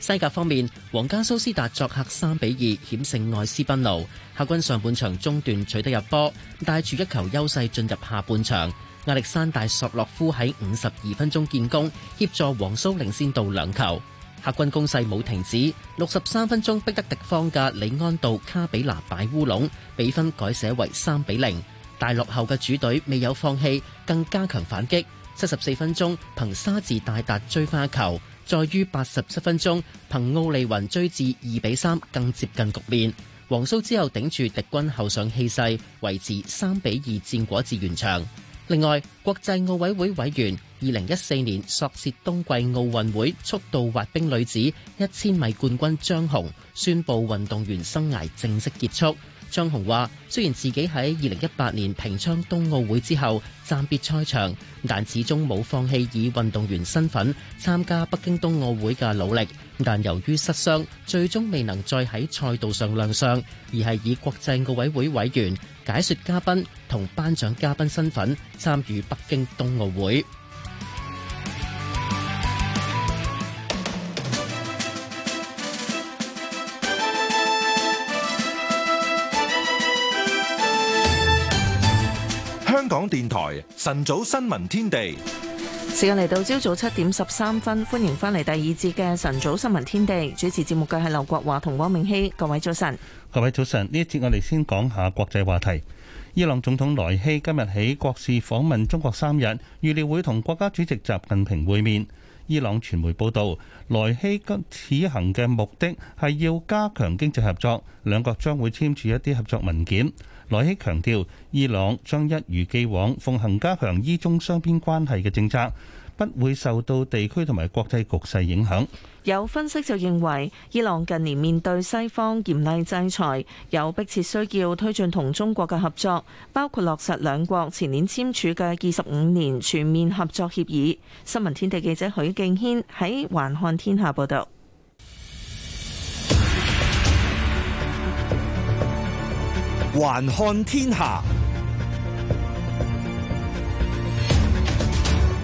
Q: 西甲方面，皇家蘇斯達作客三比二險勝愛斯賓奴。客軍上半場中段取得入波，帶住一球優勢進入下半場。亞歷山大索洛夫喺五十二分鐘建功，協助皇蘇領先到兩球。客軍攻勢冇停止，六十三分鐘逼得敵方嘅里安道卡比拿擺烏龍，比分改寫為三比零。大落後嘅主隊未有放棄，更加強反擊。七十四分鐘，憑沙治大達追回一球。再於八十七分鐘，憑奧利雲追至二比三，更接近局面。黃蘇之後頂住敵軍後上氣勢，維持三比二戰果至完場。另外，國際奧委會委員、二零一四年索契冬季奧運會速度滑冰女子一千米冠軍張虹，宣布運動員生涯正式結束。張虹話：雖然自己喺二零一八年平昌冬奧會之後暫別賽場，但始終冇放棄以運動員身份參加北京冬奧會嘅努力。但由於失傷，最終未能再喺賽道上亮相，而係以國際奧委會委員、解說嘉賓同頒獎嘉賓身份參與北京冬奧會。
A: 港電台晨早新聞天地，時間嚟到朝早七
C: 點十三分，歡迎翻嚟第二節嘅晨早新聞天地，主持節目嘅係劉國華同汪明熙，各位早晨，
D: 各位早晨，呢一節我哋先講下國際話題。伊朗總統萊希今日起國事訪問中國三日，預料會同國家主席習近平會面。伊朗傳媒報道，萊希此行嘅目的係要加強經濟合作，兩國將會簽署一啲合作文件。萊希強調，伊朗將一如既往奉行加強伊中雙邊關係嘅政策，不會受到地區同埋國際局勢影響。
C: 有分析就認為，伊朗近年面對西方嚴厲制裁，有迫切需要推進同中國嘅合作，包括落實兩國前年簽署嘅二十五年全面合作協議。新聞天地記者許敬軒喺環看天下報道。
L: 還看天下，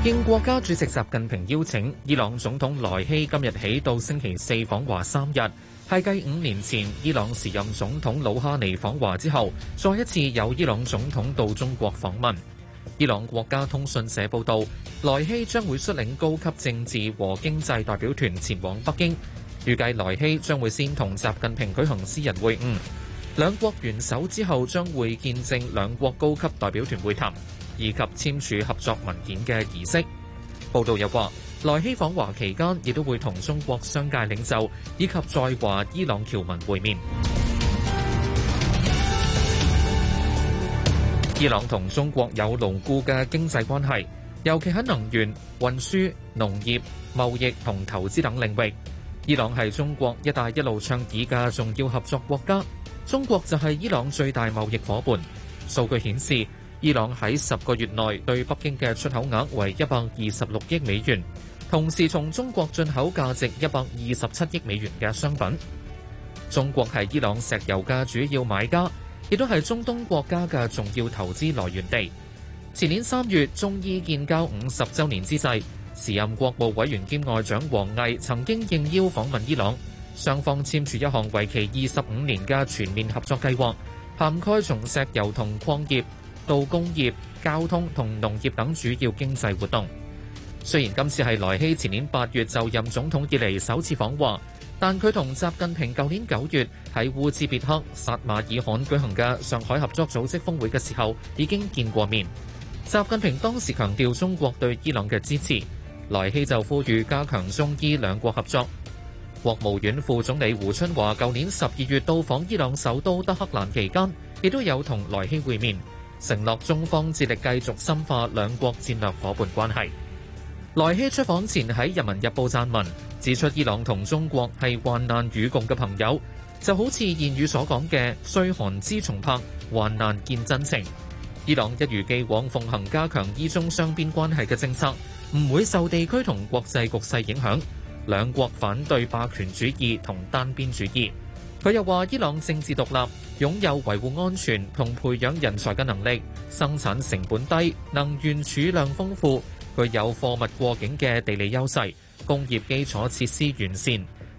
L: 應國家主席習近平邀請，伊朗總統萊希今日起到星期四訪華三日，係繼五年前伊朗時任總統魯哈尼訪華之後，再一次有伊朗總統到中國訪問。伊朗國家通訊社報道，萊希將會率領高級政治和經濟代表團前往北京，預計萊希將會先同習近平舉行私人會晤。兩國元首之後將會見證兩國高級代表團會談，以及簽署合作文件嘅儀式。報道又話，萊希訪華期間亦都會同中國商界領袖以及在華伊朗僑民會面。 [music] 伊朗同中國有牢固嘅經濟關係，尤其喺能源、運輸、農業、貿易同投資等領域。伊朗係中國“一帶一路”倡議嘅重要合作國家。中國就係伊朗最大貿易夥伴。數據顯示，伊朗喺十個月內對北京嘅出口額為一百二十六億美元，同時從中國進口價值一百二十七億美元嘅商品。中國係伊朗石油嘅主要買家，亦都係中東國家嘅重要投資來源地。前年三月，中伊建交五十周年之際，時任國務委員兼外長王毅曾經應邀訪問伊朗。雙方簽署一項為期二十五年嘅全面合作計劃，涵蓋從石油同礦業到工業、交通同農業等主要經濟活動。雖然今次係萊希前年八月就任總統以嚟首次訪華，但佢同習近平舊年九月喺烏茲別克薩馬爾罕舉行嘅上海合作組織峰會嘅時候已經見過面。習近平當時強調中國對伊朗嘅支持，萊希就呼籲加強中伊兩國合作。國務院副總理胡春華舊年十二月到訪伊朗首都德黑蘭期間，亦都有同萊希會面，承諾中方致力繼續深化兩國戰略伙伴關係。萊希出訪前喺《人民日報》撰文，指出伊朗同中國係患難與共嘅朋友，就好似諺語所講嘅“歲寒知松柏，患難見真情”。伊朗一如既往奉行加強伊中雙邊關係嘅政策，唔會受地區同國際局勢影響。兩國反對霸權主義同單邊主義。佢又話：伊朗政治獨立，擁有維護安全同培養人才嘅能力，生產成本低，能源儲量豐富，具有貨物過境嘅地理優勢，工業基礎設施完善，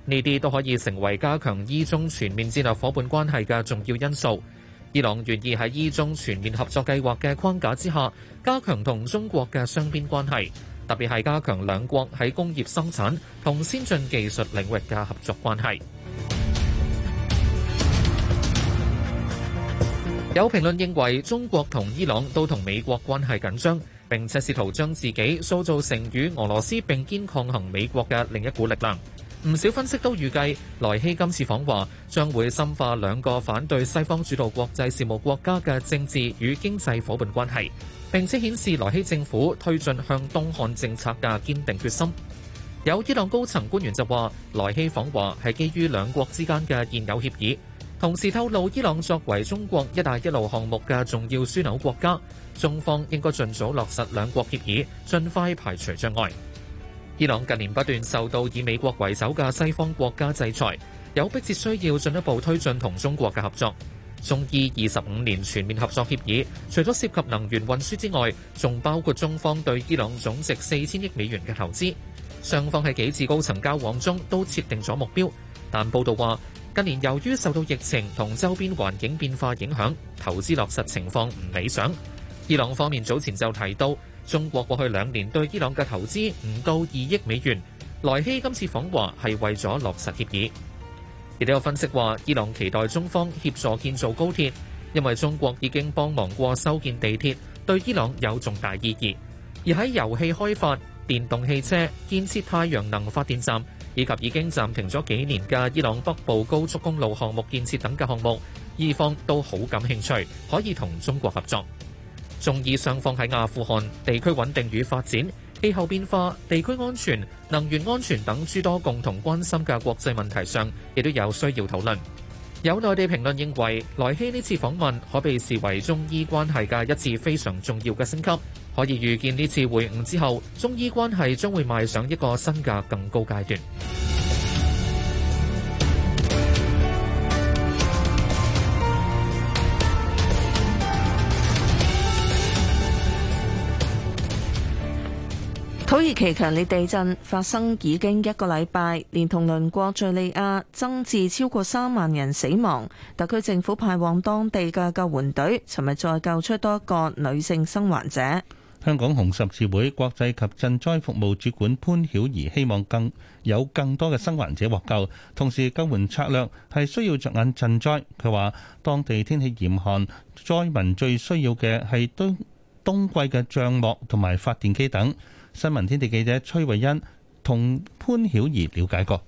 L: 呢啲都可以成為加強伊中全面戰略伙伴關係嘅重要因素。伊朗願意喺伊中全面合作計劃嘅框架之下，加強同中國嘅雙邊關係。特別係加強兩國喺工業生產同先進技術領域嘅合作關係。 [music] 有評論認為，中國同伊朗都同美國關係緊張，並且試圖將自己塑造成與俄羅斯並肩抗衡美國嘅另一股力量。唔少分析都預計，萊希今次訪華將會深化兩個反對西方主導國際事務國家嘅政治與經濟伙伴關係。並且顯示萊希政府推進向東看政策嘅堅定決心。有伊朗高層官員就話，萊希訪華係基於兩國之間嘅現有協議。同時透露，伊朗作為中國「一帶一路」項目嘅重要樞紐國家，中方應該儘早落實兩國協議，盡快排除障礙。伊朗近年不斷受到以美國為首嘅西方國家制裁，有迫切需要進一步推進同中國嘅合作。中伊二十五年全面合作協議，除咗涉及能源運輸之外，仲包括中方對伊朗總值四千億美元嘅投資。雙方喺幾次高層交往中都設定咗目標，但報道話近年由於受到疫情同周邊環境變化影響，投資落實情況唔理想。伊朗方面早前就提到，中國過去兩年對伊朗嘅投資唔到二億美元。萊希今次訪華係為咗落實協議。亦都有分析話，伊朗期待中方協助建造高鐵，因為中國已經幫忙過修建地鐵，對伊朗有重大意義。而喺油氣開發、電動汽車、建設太陽能發電站，以及已經暫停咗幾年嘅伊朗北部高速公路項目建設等嘅項目，伊方都好感興趣，可以同中國合作。中伊雙方喺阿富汗地區穩定與發展、氣候變化、地區安全、能源安全等諸多共同關心嘅國際問題上，亦都有需要討論。有內地評論認為，萊希呢次訪問可被視為中伊關係嘅一次非常重要嘅升級，可以預見呢次會晤之後，中伊關係將會邁上一個新嘅更高階段。
C: 土耳其強烈地震發生已經一個禮拜，連同鄰國敍利亞，增至超過三萬人死亡。特區政府派往當地嘅救援隊，尋日再救出多個女性生還者。
D: 香港紅十字會國際及賑災服務主管潘曉怡希望更有更多嘅生還者獲救，同時救援策略係需要着眼賑災。佢話：當地天氣嚴寒，災民最需要嘅係冬冬季嘅帳幕同埋發電機等。新聞天地記者崔慧欣同潘曉怡了解過。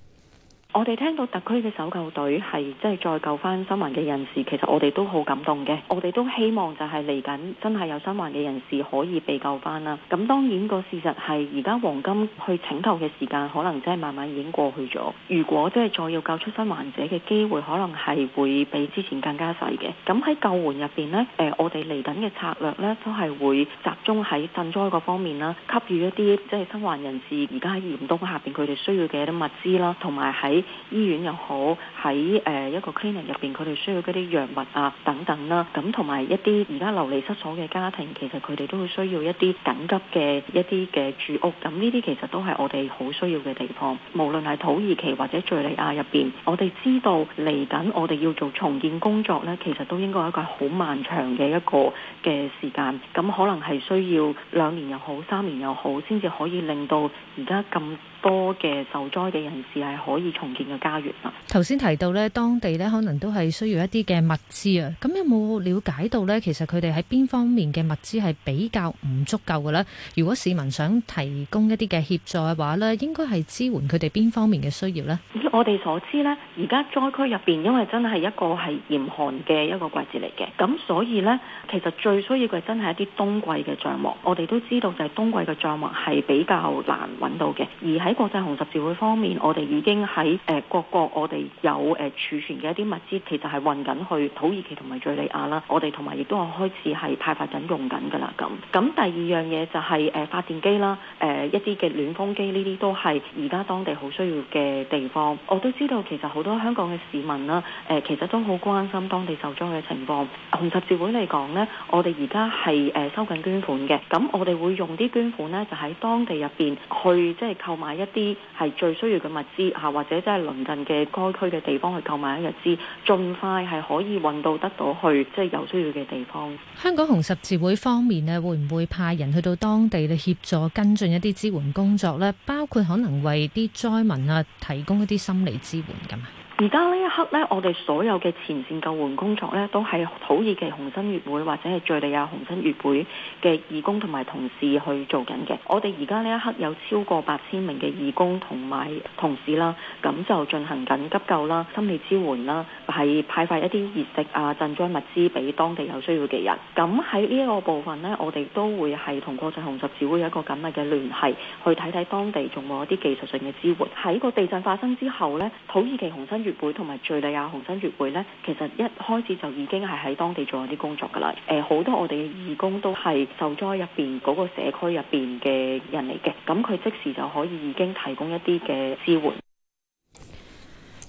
R: 我哋聽到特區嘅搜救隊係即係再救翻生還嘅人士，其實我哋都好感動嘅。我哋都希望就係嚟緊真係有生還嘅人士可以被救翻啦。咁當然個事實係而家黃金去拯救嘅時間可能真係慢慢已經過去咗。如果即係再要救出生還者嘅機會，可能係會比之前更加細嘅。咁喺救援入邊呢，誒、呃、我哋嚟緊嘅策略呢，都係會集中喺賑災嗰方面啦，給予一啲即係生還人士而家喺嚴冬下邊佢哋需要嘅一啲物資啦，同埋喺醫院又好，喺誒一個 cleaning 入邊，佢哋需要嗰啲藥物啊等等啦，啊。咁同埋一啲而家流離失所嘅家庭，其實佢哋都會需要一啲緊急嘅一啲嘅住屋。咁呢啲其實都係我哋好需要嘅地方。無論係土耳其或者敘利亞入邊，我哋知道嚟緊我哋要做重建工作呢，其實都應該係一個好漫長嘅一個嘅時間。咁可能係需要兩年又好，三年又好，先至可以令到而家咁。多嘅受災嘅人士係可以重建嘅家園啦。
B: 頭先提到咧，當地咧可能都係需要一啲嘅物資啊。咁有冇了解到咧？其實佢哋喺邊方面嘅物資係比較唔足夠嘅咧？如果市民想提供一啲嘅協助嘅話咧，應該係支援佢哋邊方面嘅需要咧？以我哋所知咧，而家災區入邊因
R: 為真係一個係嚴寒嘅一個季節嚟嘅，咁所以咧，其實最需要嘅真係一啲冬季嘅帳幕。我哋都知道就係冬季嘅帳幕係比較難揾到嘅，而喺。國際紅十字會方面，我哋已經喺誒、呃、各國我，我哋有誒儲存嘅一啲物資，其實係運緊去土耳其同埋敍利亞啦。我哋同埋亦都係開始係派發緊用緊㗎啦。咁咁第二樣嘢就係誒發電機啦，誒、呃、一啲嘅暖風機呢啲都係而家當地好需要嘅地方。我都知道其實好多香港嘅市民啦，誒、呃、其實都好關心當地受災嘅情況。紅十字會嚟講呢，我哋而家係誒收緊捐款嘅，咁我哋會用啲捐款呢，就喺當地入邊去即係購買一一啲係最需要嘅物資吓，或者即係鄰近嘅該區嘅地方去購買一日資，盡快係可以運到得到去，即係有需要嘅地方。
B: 香港紅十字會方面咧，會唔會派人去到當地去協助跟進一啲支援工作呢？包括可能為啲災民啊，提供一啲心理支援噶嘛？
R: 而家呢一刻咧，我哋所有嘅前線救援工作咧，都係土耳其紅新月會或者係敘利亞紅新月會嘅義工同埋同事去做緊嘅。我哋而家呢一刻有超過八千名嘅義工同埋同事啦，咁就進行緊急救啦、心理支援啦，係派發一啲熱食啊、賑災物資俾當地有需要嘅人。咁喺呢一個部分咧，我哋都會係同國際紅十字會有一個緊密嘅聯繫，去睇睇當地仲冇一啲技術性嘅支援。喺個地震發生之後咧，土耳其紅新月會同埋敘利亞紅新月會咧，其實一開始就已經係喺當地做啲工作噶啦。誒、呃，好多我哋嘅義工都係受災入邊嗰個社區入邊嘅人嚟嘅，咁佢即時就可以已經提供一啲嘅支援。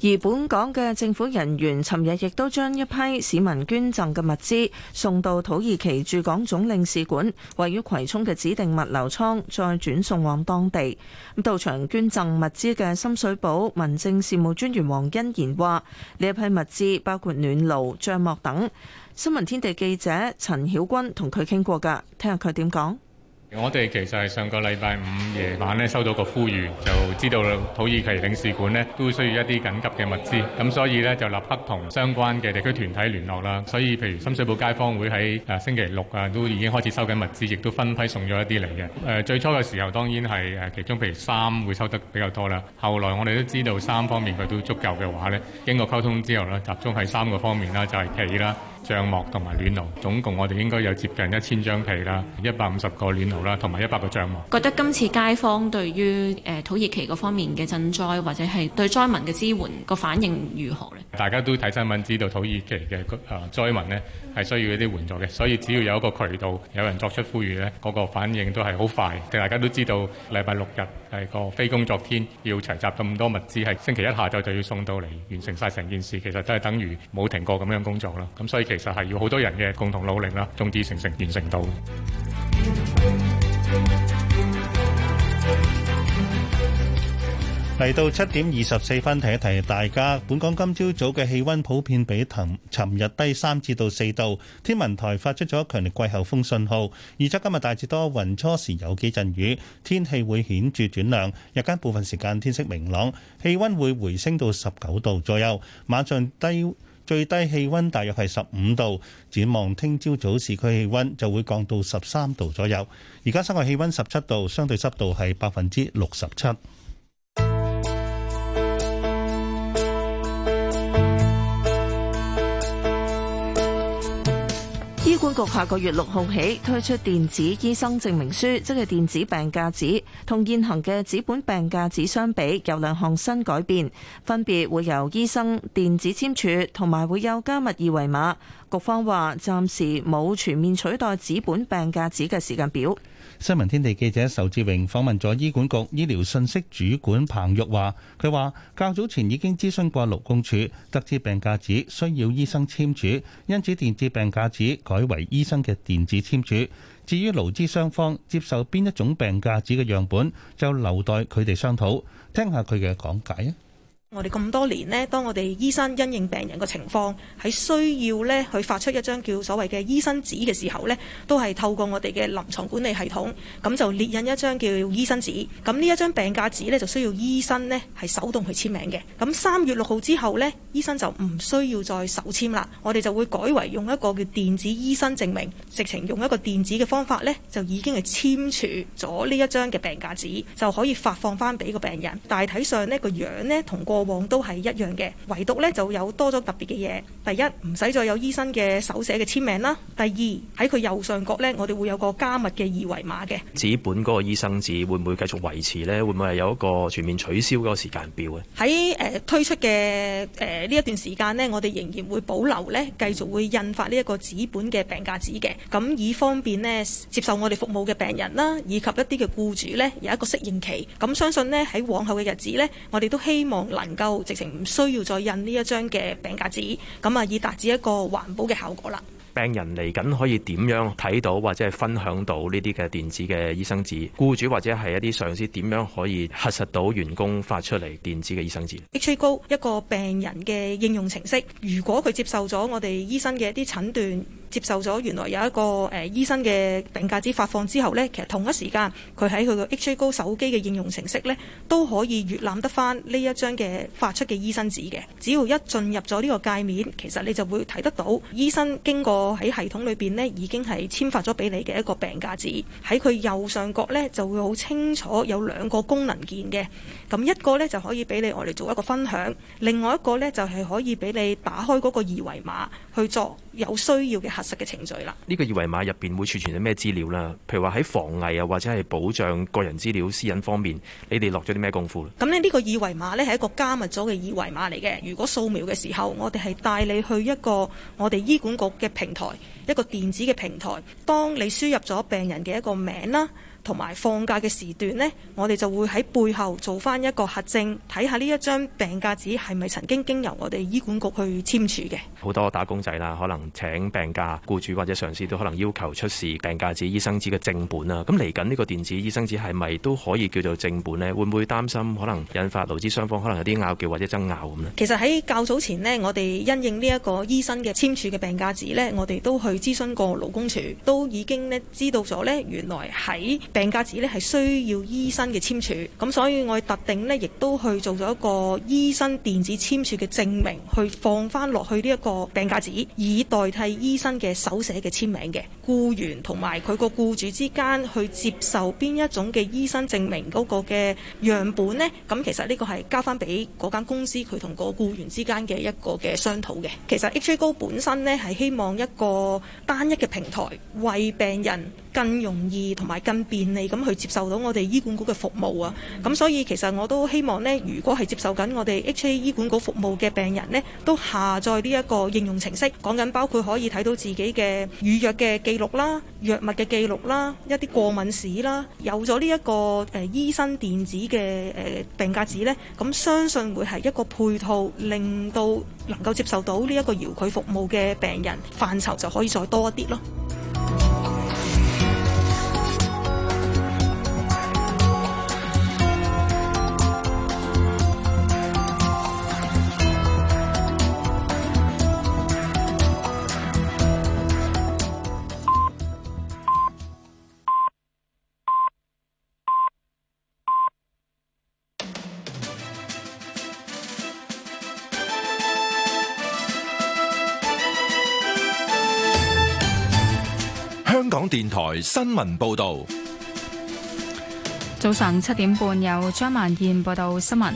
C: 而本港嘅政府人員尋日亦都將一批市民捐贈嘅物資送到土耳其駐港總領事館位於葵涌嘅指定物流倉，再轉送往當地。咁到場捐贈物資嘅深水埗民政事務專員黃欣然話呢一批物資包括暖爐、帳幕等。新聞天地記者陳曉君同佢傾過噶，聽下佢點講。
S: 我哋其實係上個禮拜五夜晚咧收到個呼籲，就知道土耳其領事館咧都需要一啲緊急嘅物資，咁所以呢，就立刻同相關嘅地區團體聯絡啦。所以譬如深水埗街坊會喺誒星期六啊都已經開始收緊物資，亦都分批送咗一啲嚟嘅。誒、呃、最初嘅時候當然係誒其中譬如衫會收得比較多啦，後來我哋都知道三方面佢都足夠嘅話呢，經過溝通之後呢，集中喺三個方面啦，就係、是、企啦。帳幕同埋暖爐，總共我哋應該有接近一千張被啦，一百五十個暖爐啦，同埋一百個帳幕。
J: 覺得今次街坊對於誒、呃、土耳其嗰方面嘅賑災，或者係對災民嘅支援個反應如何呢？
S: 大家都睇新聞知道土耳其嘅誒災民呢係需要一啲援助嘅，所以只要有一個渠道有人作出呼籲呢，嗰、嗰個反應都係好快，大家都知道，禮拜六日。係個非工作天，要齊集咁多物資，係星期一下晝就要送到嚟，完成晒成件事，其實都係等於冇停過咁樣工作啦。咁所以其實係要好多人嘅共同努力啦，眾志成城，完成到。 [music]
D: 嚟到七點二十四分，提一提大家。本港今朝早嘅氣溫普遍比尋日低三至到四度。天文台發出咗強烈季候風信號，預測今日大致多雲，初時有幾陣雨，天氣會顯著轉涼。日間部分時間天色明朗，氣溫會回升到十九度左右。晚上低最低氣溫大約係十五度，展望聽朝早，早市區氣溫就會降到十三度左右。而家室外氣溫十七度，相對濕度係百分之六十七。
C: 醫管局下個月六號起推出電子醫生證明書，即係電子病假紙，同現行嘅紙本病假紙相比，有兩項新改變，分別會由醫生電子簽署，同埋會有加密二維碼。局方話暫時冇全面取代紙本病假紙嘅時間表。
D: 新聞天地記者仇志榮訪問咗醫管局醫療信息主管彭玉華。佢話較早前已經諮詢過勞工處，得知病假紙需要醫生簽署，因此電子病假紙改為醫生嘅電子簽署。至於勞資雙方接受邊一種病假紙嘅樣本，就留待佢哋商討，聽下佢嘅講解
T: 我哋咁多年咧，當我哋醫生因應病人嘅情況，喺需要咧去發出一張叫所謂嘅醫生紙嘅時候咧，都係透過我哋嘅臨床管理系統，咁就列印一張叫醫生紙，咁呢一張病假紙咧，就需要醫生咧係手動去簽名嘅。咁三月六號之後咧，醫生就唔需要再手簽啦，我哋就會改為用一個叫電子醫生證明，直情用一個電子嘅方法咧，就已經係簽署咗呢一張嘅病假紙就可以發放翻俾個病人。大體上呢個樣咧同過往都係一樣嘅，唯獨呢就有多咗特別嘅嘢。第一唔使再有醫生嘅手寫嘅簽名啦。第二喺佢右上角呢，我哋會有個加密嘅二維碼嘅。
I: 紙本嗰個醫生紙會唔會繼續維持呢？會唔會係有一個全面取消嗰個時間表嘅？
T: 喺誒、呃、推出嘅誒呢一段時間呢，我哋仍然會保留呢，繼續會印發呢一個紙本嘅病假紙嘅。咁以方便呢接受我哋服務嘅病人啦，以及一啲嘅僱主呢，有一個適應期。咁相信呢，喺往後嘅日子呢，我哋都希望能夠直情唔需要再印呢一張嘅病假紙，咁啊以達至一個環保嘅效果啦。
I: 病人嚟緊可以點樣睇到或者係分享到呢啲嘅電子嘅醫生紙？僱主或者係一啲上司點樣可以核實到員工發出嚟電子嘅醫生紙
T: b i 高一個病人嘅應用程式，如果佢接受咗我哋醫生嘅一啲診斷。接受咗原來有一個誒、呃、醫生嘅病假紙發放之後呢，其實同一時間佢喺佢個 HA Go 手機嘅應用程式呢，都可以閲覽得翻呢一張嘅發出嘅醫生紙嘅。只要一進入咗呢個界面，其實你就會睇得到醫生經過喺系統裏邊呢已經係簽發咗俾你嘅一個病假紙。喺佢右上角呢，就會好清楚有兩個功能鍵嘅，咁一個呢，就可以俾你我哋做一個分享，另外一個呢，就係、是、可以俾你打開嗰個二維碼去做。有需要嘅核實嘅程序啦。
I: 呢個二維碼入邊會儲存咗咩資料啦？譬如話喺防偽啊，或者係保障個人資料私隱方面，你哋落咗啲咩
T: 功夫呢？咁呢呢個二維碼呢，係一個加密咗嘅二維碼嚟嘅。如果掃描嘅時候，我哋係帶你去一個我哋醫管局嘅平台，一個電子嘅平台，當你輸入咗病人嘅一個名啦。同埋放假嘅時段呢，我哋就會喺背後做翻一個核證，睇下呢一張病假紙係咪曾經經由我哋醫管局去簽署嘅。
I: 好多打工仔啦，可能請病假，僱主或者上司都可能要求出示病假紙、醫生紙嘅正本啊。咁嚟緊呢個電子醫生紙，係咪都可以叫做正本呢？會唔會擔心可能引發勞資雙方可能有啲拗撬或者爭拗咁呢？
T: 其實喺較早前呢，我哋因應呢一個醫生嘅簽署嘅病假紙呢，我哋都去諮詢過勞工處，都已經呢知道咗呢，原來喺病假紙咧係需要醫生嘅簽署，咁所以我哋特定呢亦都去做咗一個醫生電子簽署嘅證明，去放翻落去呢一個病假紙，以代替醫生嘅手寫嘅簽名嘅。僱員同埋佢個僱主之間去接受邊一種嘅醫生證明嗰個嘅樣本呢？咁其實呢個係交翻俾嗰間公司佢同個僱員之間嘅一個嘅商討嘅。其實 HA Go 本身呢，係希望一個單一嘅平台為病人。更容易同埋更便利咁去接受到我哋醫管局嘅服務啊！咁所以其實我都希望咧，如果係接受緊我哋 HA 醫管局服務嘅病人咧，都下載呢一個應用程式，講緊，包括可以睇到自己嘅預約嘅記錄啦、藥物嘅記錄啦、一啲過敏史啦，有咗呢一個誒、呃、醫生電子嘅誒、呃、病假紙咧，咁、嗯、相信會係一個配套，令到能夠接受到呢一個遙距服務嘅病人範疇就可以再多一啲咯。
A: 電台新聞報道，
B: 早上七點半有張曼燕報道新聞。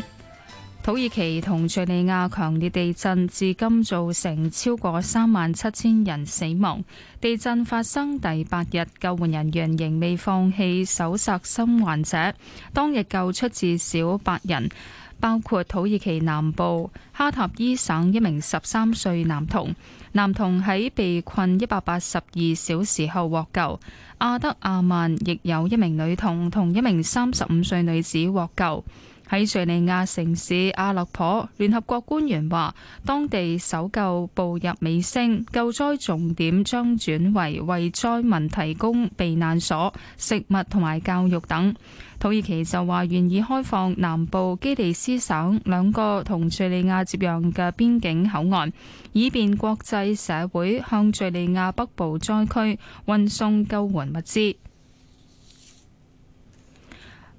B: 土耳其同敘利亞強烈地震，至今造成超過三萬七千人死亡。地震發生第八日，救援人員仍未放棄搜尋生還者，當日救出至少八人。包括土耳其南部哈塔伊省一名十三歲男童，男童喺被困一百八十二小時後獲救。阿德阿曼亦有一名女童同一名三十五歲女子獲救。喺敘利亞城市阿勒頗，聯合國官員話，當地搜救步入尾聲，救災重點將轉為為災民提供避難所、食物同埋教育等。土耳其就話願意開放南部基利斯省兩個同敘利亞接壤嘅邊境口岸，以便國際社會向敘利亞北部災區運送救援物資。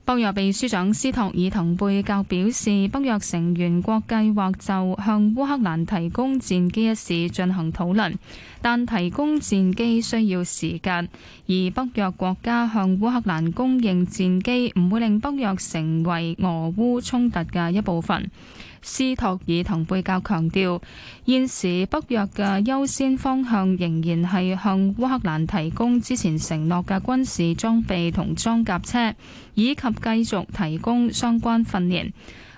B: 北約秘書長斯托爾滕貝格表示，北約成員國計劃就向烏克蘭提供戰機一事進行討論，但提供戰機需要時間，而北約國家向烏克蘭供應戰機唔會令北約成為俄烏衝突嘅一部分。斯托爾同貝格強調，現時北約嘅優先方向仍然係向烏克蘭提供之前承諾嘅軍事裝備同裝甲車，以及繼續提供相關訓練。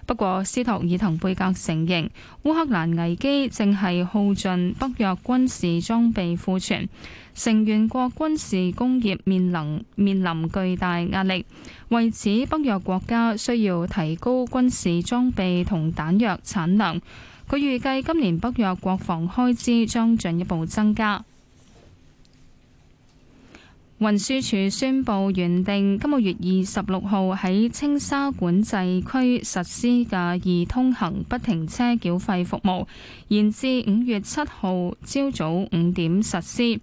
B: 不過，斯托爾滕貝格承認，烏克蘭危機正係耗盡北約軍事裝備庫存，成員國軍事工業面臨面臨巨大壓力。為此，北約國家需要提高軍事裝備同彈藥產能。佢預計今年北約國防開支將進一步增加。運輸署宣佈，原定今個月二十六號喺青沙管制區實施嘅易通行不停車繳費服務，延至五月七號朝早五點實施。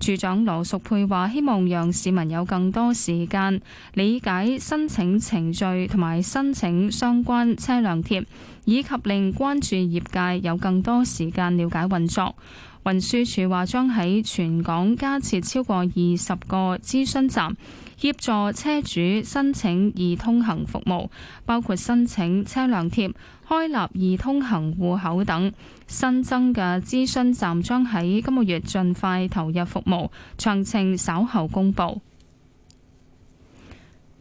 B: 署長羅淑佩話，希望讓市民有更多時間理解申請程序同埋申請相關車輛貼，以及令關注業界有更多時間了解運作。運輸署話將喺全港加設超過二十個諮詢站，協助車主申請易通行服務，包括申請車輛貼、開立易通行戶口等。新增嘅諮詢站將喺今個月盡快投入服務，詳情稍後公布。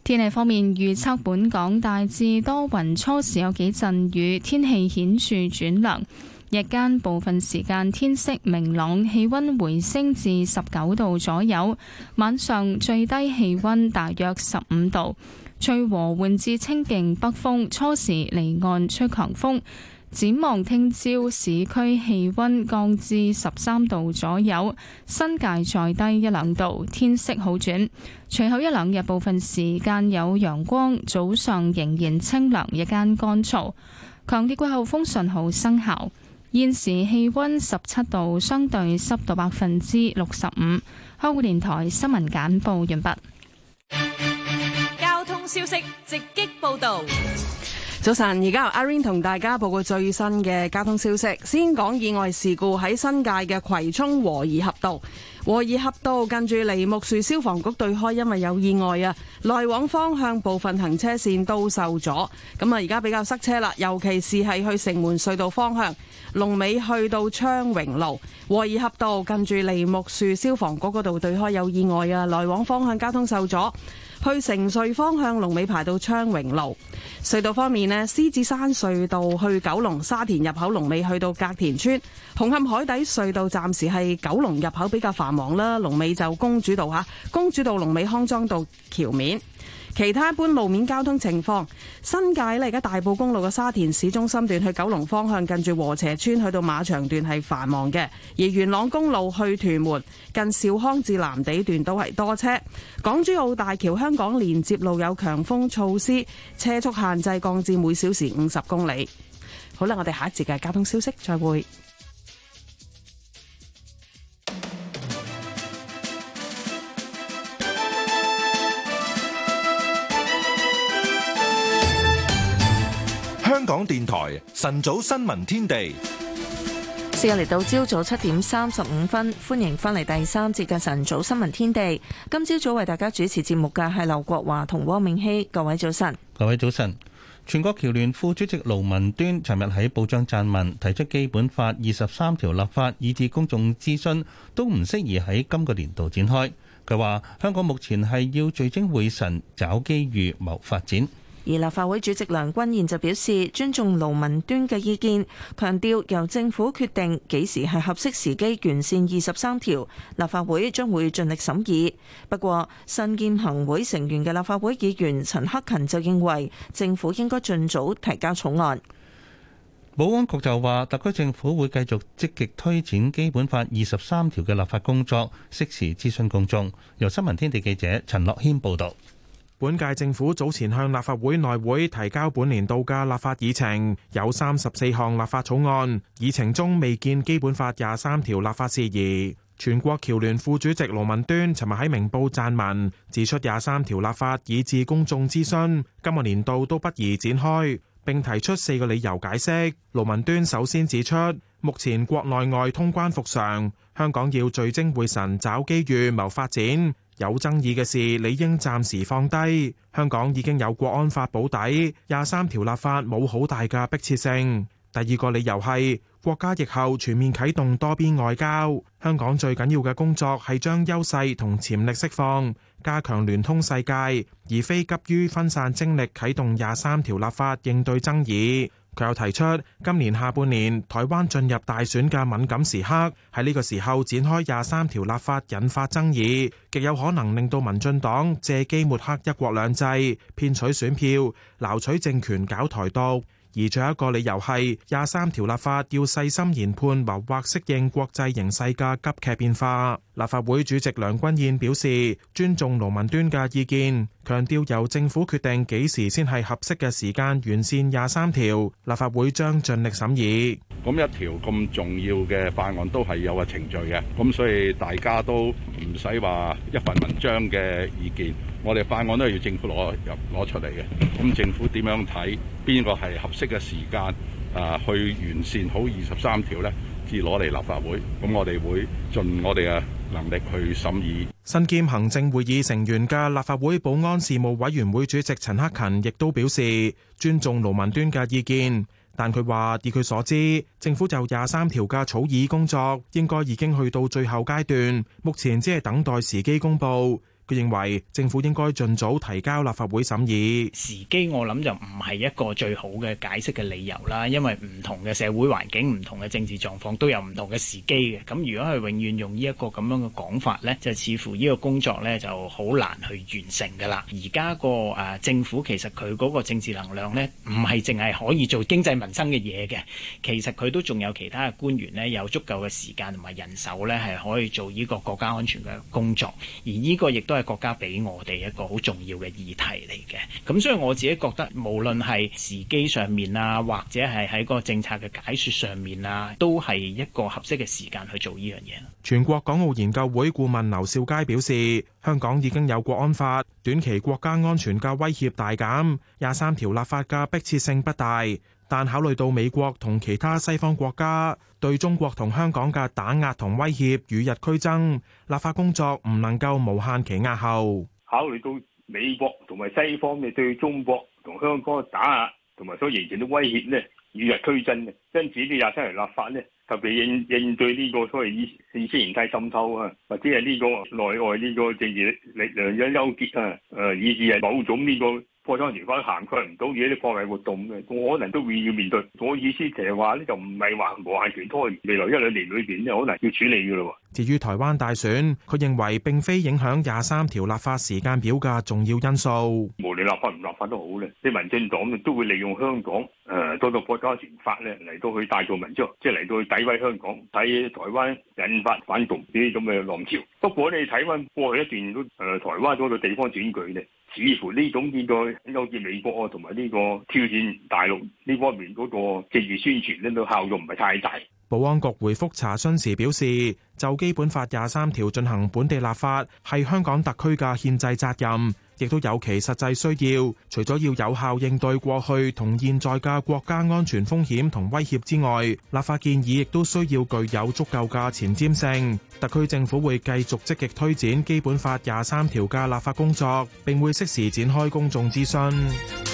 B: 天氣方面，預測本港大致多雲，初時有幾陣雨，天氣顯著轉涼。日間部分時間天色明朗，氣溫回升至十九度左右。晚上最低氣溫大約十五度。吹和緩至清勁北風，初時離岸吹強風。展望聽朝市區氣溫降至十三度左右，新界再低一兩度，天色好轉。隨後一兩日部分時間有陽光，早上仍然清涼，日間乾燥。強烈季候風信號生效。現時氣溫十七度，相對濕度百分之六十五。香港電台新聞簡報完畢。
M: 交通消息直擊報道。早晨，而家阿 Irene 同大家報告最新嘅交通消息。先講意外事故喺新界嘅葵涌和宜合道。和宜合道近住梨木樹消防局對開，因為有意外啊，來往方向部分行車線都受阻，咁啊而家比較塞車啦，尤其是係去城門隧道方向，龍尾去到昌榮路和宜合道近住梨木樹消防局嗰度對開有意外啊，來往方向交通受阻。去城隧方向龍尾排到昌榮路。隧道方面咧，獅子山隧道去九龍沙田入口龍尾去到隔田村，紅磡海底隧道暫時係九龍入口比較繁忙啦，龍尾就公主道吓，公主道龍尾康莊道橋面。其他一般路面交通情況，新界咧，而家大埔公路嘅沙田市中心段去九龍方向近，近住禾輋邨去到馬場段係繁忙嘅，而元朗公路去屯門近兆康至南地段都係多車。港珠澳大橋香港連接路有強風措施，車速限制降至每小時五十公里。好啦，我哋下一節嘅交通消息，再會。
A: 香港電台晨早新聞天地，時間嚟到
C: 朝早七點三十五分，歡迎翻嚟第三節嘅晨早新聞天地。今朝早為大家主持節目嘅係劉國華同汪明熙，各位早晨，
D: 各位早晨。全國僑聯副主席盧文端尋日喺報章撰文，提出《基本法》二十三條立法以至公眾諮詢都唔適宜喺今個年度展開。佢話香港目前係要聚精會神，找機遇謀發展。
C: 而立法會主席梁君彥就表示尊重勞民端嘅意見，強調由政府決定幾時係合適時機完善二十三條，立法會將會盡力審議。不過，新建行會成員嘅立法會議員陳克勤就認為政府應該盡早提交草案。
D: 保安局就話，特區政府會繼續積極推展《基本法》二十三條嘅立法工作，適時諮詢公眾。由新聞天地記
U: 者陳樂軒報導。本屆政府早前向立法會內會提交本年度嘅立法議程，有三十四項立法草案。議程中未見基本法廿三條立法事宜。全國僑聯副主席盧文端尋日喺明報撰文，指出廿三條立法以至公眾諮詢，今個年度都不宜展開，並提出四個理由解釋。盧文端首先指出，目前國內外通關復常，香港要聚精會神找機遇謀發展。有爭議嘅事理應暫時放低。香港已經有國安法保底，廿三條立法冇好大嘅迫切性。第二個理由係國家疫後全面啟動多邊外交，香港最緊要嘅工作係將優勢同潛力釋放，加強聯通世界，而非急於分散精力啟動廿三條立法應對爭議。佢又提出，今年下半年台灣進入大選嘅敏感時刻，喺呢個時候展開廿三條立法，引發爭議，極有可能令到民進黨借機抹黑一國兩制，騙取選票，撈取政權搞台獨，而最後一個理由係廿三條立法要細心研判謀劃適應國際形勢嘅急劇變化。立法會主席梁君彥表示，尊重盧文端嘅意見。強調由政府決定幾時先係合適嘅時間完善廿三條，立法會將盡力審議。咁一條咁重要嘅法案都係有個程序嘅，咁所以大家都唔使話一份文章嘅
A: 意見，我哋法案都係要政府攞入攞出嚟嘅。咁政府點樣睇邊個係合適嘅時間啊？去完善好二十三條咧，至攞嚟立法會。咁我哋會盡我哋嘅。能力去審議。
U: 身兼行政會議成員嘅立法會保安事務委員會主席陳克勤亦都表示尊重盧文端嘅意見，但佢話，以佢所知，政府就廿三條嘅草擬工作應該已經去到最後階段，目前只係等待時機公布。佢認為政府應該盡早提交立法會審議時機，我諗就唔係一個最好嘅解釋嘅理由啦。因為唔同嘅社會環境、唔同嘅政治狀況都有唔同嘅
I: 時機嘅。咁如果係永遠用呢一個咁樣嘅講法呢，就似乎呢個工作呢就好難去完成㗎喇。而家個誒政府其實佢嗰個政治能量呢，唔係淨係可以做經濟民生嘅嘢嘅，其實佢都仲有其他嘅官員呢，有足夠嘅時間同埋人手呢，係可以做呢個國家安全嘅工作，而呢個亦都係。國家俾我哋一個好重要嘅議題嚟嘅，咁所以我自己覺得，無論係時機上面啊，或者係喺個政策嘅解說上面啊，都係一個合適嘅時間去做呢樣嘢。
U: 全國港澳研究會顧問劉兆佳表示，香港已經有國安法，短期國家安全嘅威脅大減，廿三條立法嘅迫切性不大，但考慮到美國同其他西方國家。對中國同香港嘅打壓同威脅與日俱增，立法工作唔能夠無限期壓後。
E: 考慮到美國同埋西方嘅對中國同香港打壓同埋所形成嘅威脅咧，與日俱增嘅，因此啲廿三條立法咧，特別應應對呢個所謂意意識形態滲透啊，或者係呢個內外呢個政治力量嘅勾結啊，誒，以至係某種呢個。過咗年關行佢唔到，而且啲貨幣活動嘅，我可能都會要面對。我意思其實話呢，就唔係話無限期拖未來一兩年裏邊咧，可能要處理嘅咯喎。
U: 至於台灣大選，佢認為並非影響廿三條立法時間表嘅重要因素。
E: 無論立法唔立法都好咧，啲民進黨都會利用香港誒多個國家憲法咧嚟到去帶動民眾，即係嚟到去詆毀香港、睇台灣、引發反動啲咁嘅浪潮。不過你睇翻過去一段都誒，台灣嗰個地方選舉咧。似乎呢種現在好似美國啊，同埋呢個挑戰大陸呢方面嗰個政治宣傳呢都效用唔係太大。
U: 保安局回覆查詢時表示，就基本法廿三條進行本地立法係香港特區嘅憲制責任。亦都有其實際需要，除咗要有效應對過去同現在嘅國家安全風險同威脅之外，立法建議亦都需要具有足夠嘅前瞻性。特區政府會繼續積極推展《基本法》廿三條嘅立法工作，並會適時展開公眾諮詢。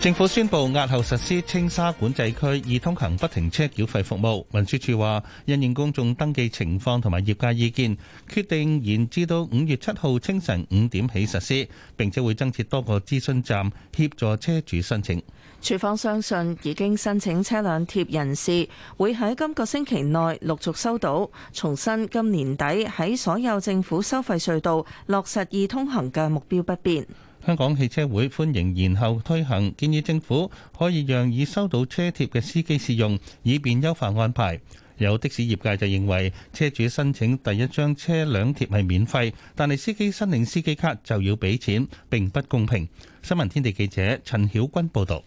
D: 政府宣佈押後實施青沙管制區易通行不停車繳費服務。運輸處話，因應公眾登記情況同埋業界意見，決定延至到五月七號清晨五點起實施，並且會增設多個諮詢站協助車主申請。
C: 處方相信已經申請車輛貼人士會喺今個星期內陸續收到。重申今年底喺所有政府收費隧道落實易通行嘅目標不變。
D: 香港汽車會歡迎延後推行，建議政府可以讓已收到車貼嘅司機試用，以便優化安排。有的士業界就認為，車主申請第一張車輛貼係免費，但係司機申領司機卡就要俾錢，並不公平。新聞天地記者陳曉君報導。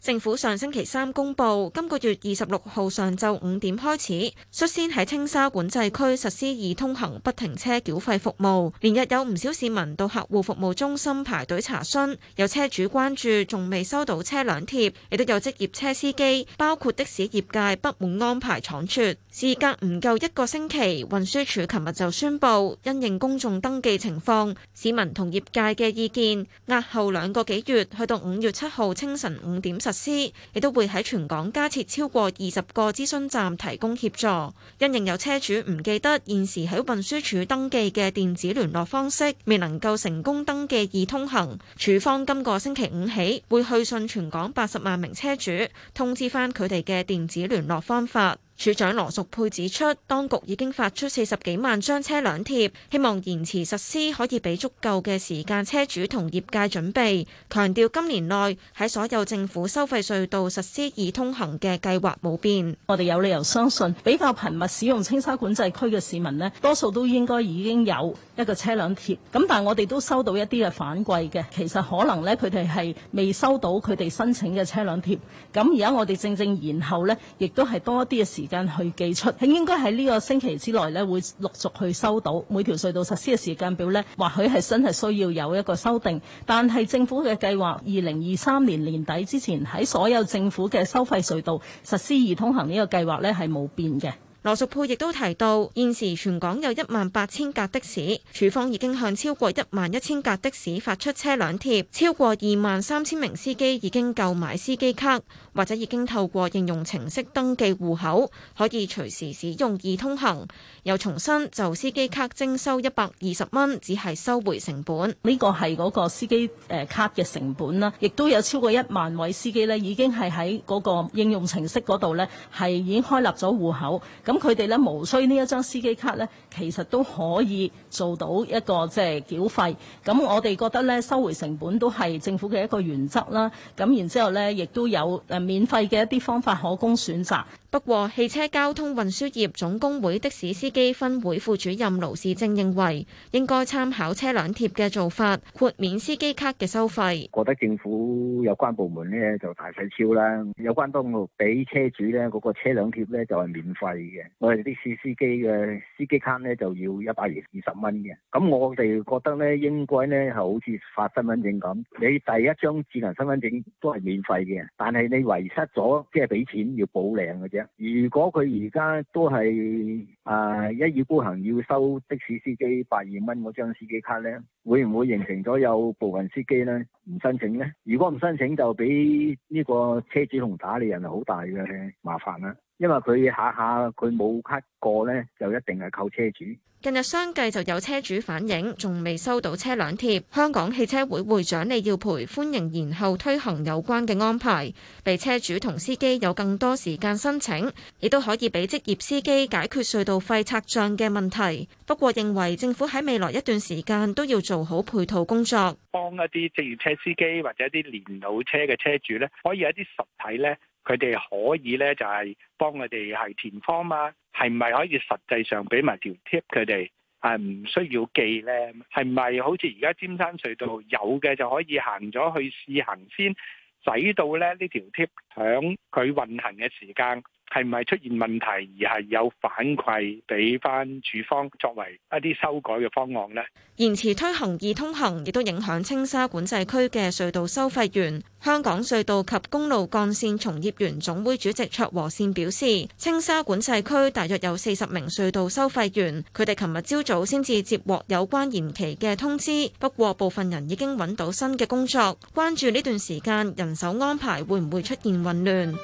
J: 政府上星期三公布，今個月二十六號上晝五點開始，率先喺青沙管制區實施易通行不停車繳費服務，連日有唔少市民到客戶服務中心排隊查詢，有車主關注仲未收到車輛貼，亦都有職業車司機，包括的士業界不滿安排倉促。事隔唔夠一個星期，運輸署琴日就宣布，因應公眾登記情況，市民同業界嘅意見，押後兩個幾月，去到五月七號清晨五點實施，亦都會喺全港加設超過二十個諮詢站提供協助。因應有車主唔記得現時喺運輸署登記嘅電子聯絡方式，未能夠成功登記易通行，署方今個星期五起會去信全港八十萬名車主，通知翻佢哋嘅電子聯絡方法。署長羅淑佩指出，當局已經發出四十幾萬張車輛貼，希望延遲實施可以俾足夠嘅時間車主同業界準備。強調今年內喺所有
O: 政府收費隧道實施易通行嘅計劃冇變。我哋有理由相信，比較頻密使用青沙管制區嘅市民呢，多數都應該已經有一個車輛貼，咁但係我哋都收到一啲嘅反饋嘅，其實可能呢，佢哋係未收到佢哋申請嘅車輛貼，咁而家我哋正正然後呢，亦都係多一啲嘅時間去寄出，應該喺呢個星期之內呢，會陸續去收到每條隧道實施嘅時間表呢，或許係真係需要有一個修訂，但係政府嘅計劃二零二三年年底之前喺所有政府嘅收費隧道實施易通行呢個計劃呢，係冇變嘅。羅淑佩亦都提到，現時全港有一萬八千架的士，署方已經向超
J: 過一萬一千架的士發出車輛貼，超過二萬三千名司機已經購買司機卡。或者已經透過應用程式登記戶口，可以隨時使用易通行。又重新就司機卡徵收一百二十蚊，只係收
O: 回成本。呢個係嗰個司機誒卡嘅成本啦，亦都有超過一萬位司機呢，已經係喺嗰個應用程式嗰度呢，係已經開立咗戶口。咁佢哋呢，無需呢一張司機卡呢，其實都可以做到一個即係繳費。咁我哋覺得呢，收回成本都係政府嘅一個原則啦。咁然之後呢，亦都有誒。免費嘅一啲方法可供選擇。不過，汽車交通運輸
J: 業總工會的士司機分會副主任盧士正認為，應該參考車輛貼嘅做法，豁免司機卡嘅收費。
P: 覺得政府有關部門呢就大細超啦，有關當局俾車主呢嗰個車輛貼呢就係免費嘅，我哋的士司機嘅司機卡呢就要一百二二十蚊嘅。咁我哋覺得呢應該呢係好似發身份證咁，你第一張智能身份證都係免費嘅，但係你遺失咗即係俾錢要補領嘅啫。如果佢而家都係啊、呃、一意孤行要收的士司機八二蚊嗰張司機卡呢，會唔會形成咗有部分司機呢唔申請呢？如果唔申請就俾呢個車主同打理人係好大嘅麻煩啦。因為佢下下佢冇卡過呢，就一定係扣車主。
J: 近日相繼就有車主反映，仲未收到車輛貼。香港汽車會會長李耀培歡迎延後推行有關嘅安排，俾車主同司機有更多時間申請，亦都可以俾職業司機解決隧道費拆賬嘅問題。不過認為政府喺未來一段時間都要做好配套工作，
P: 幫一啲職業車司機或者啲年老車嘅車主呢，可以有一啲實體呢。佢哋可以呢，就係、是、幫佢哋係填方嘛，係唔係可以實際上俾埋條 tip 佢哋，係唔需要記呢？係咪好似而家尖山隧道有嘅就可以行咗去試行先，使到呢呢條 tip 響佢運行嘅時間？係咪出現問題，而係有反饋俾翻主方作為一啲修改嘅方案咧？延遲推
J: 行易通行，亦都影響青沙管制區嘅隧道收費員。香港隧道及公路幹線從業員總會主席卓和善表示，青沙管制區大約有四十名隧道收費員，佢哋琴日朝早先至接獲有關延期嘅通知。不過，部分人已經揾到新嘅工作，關注呢段時間人手安排會唔會出現混亂。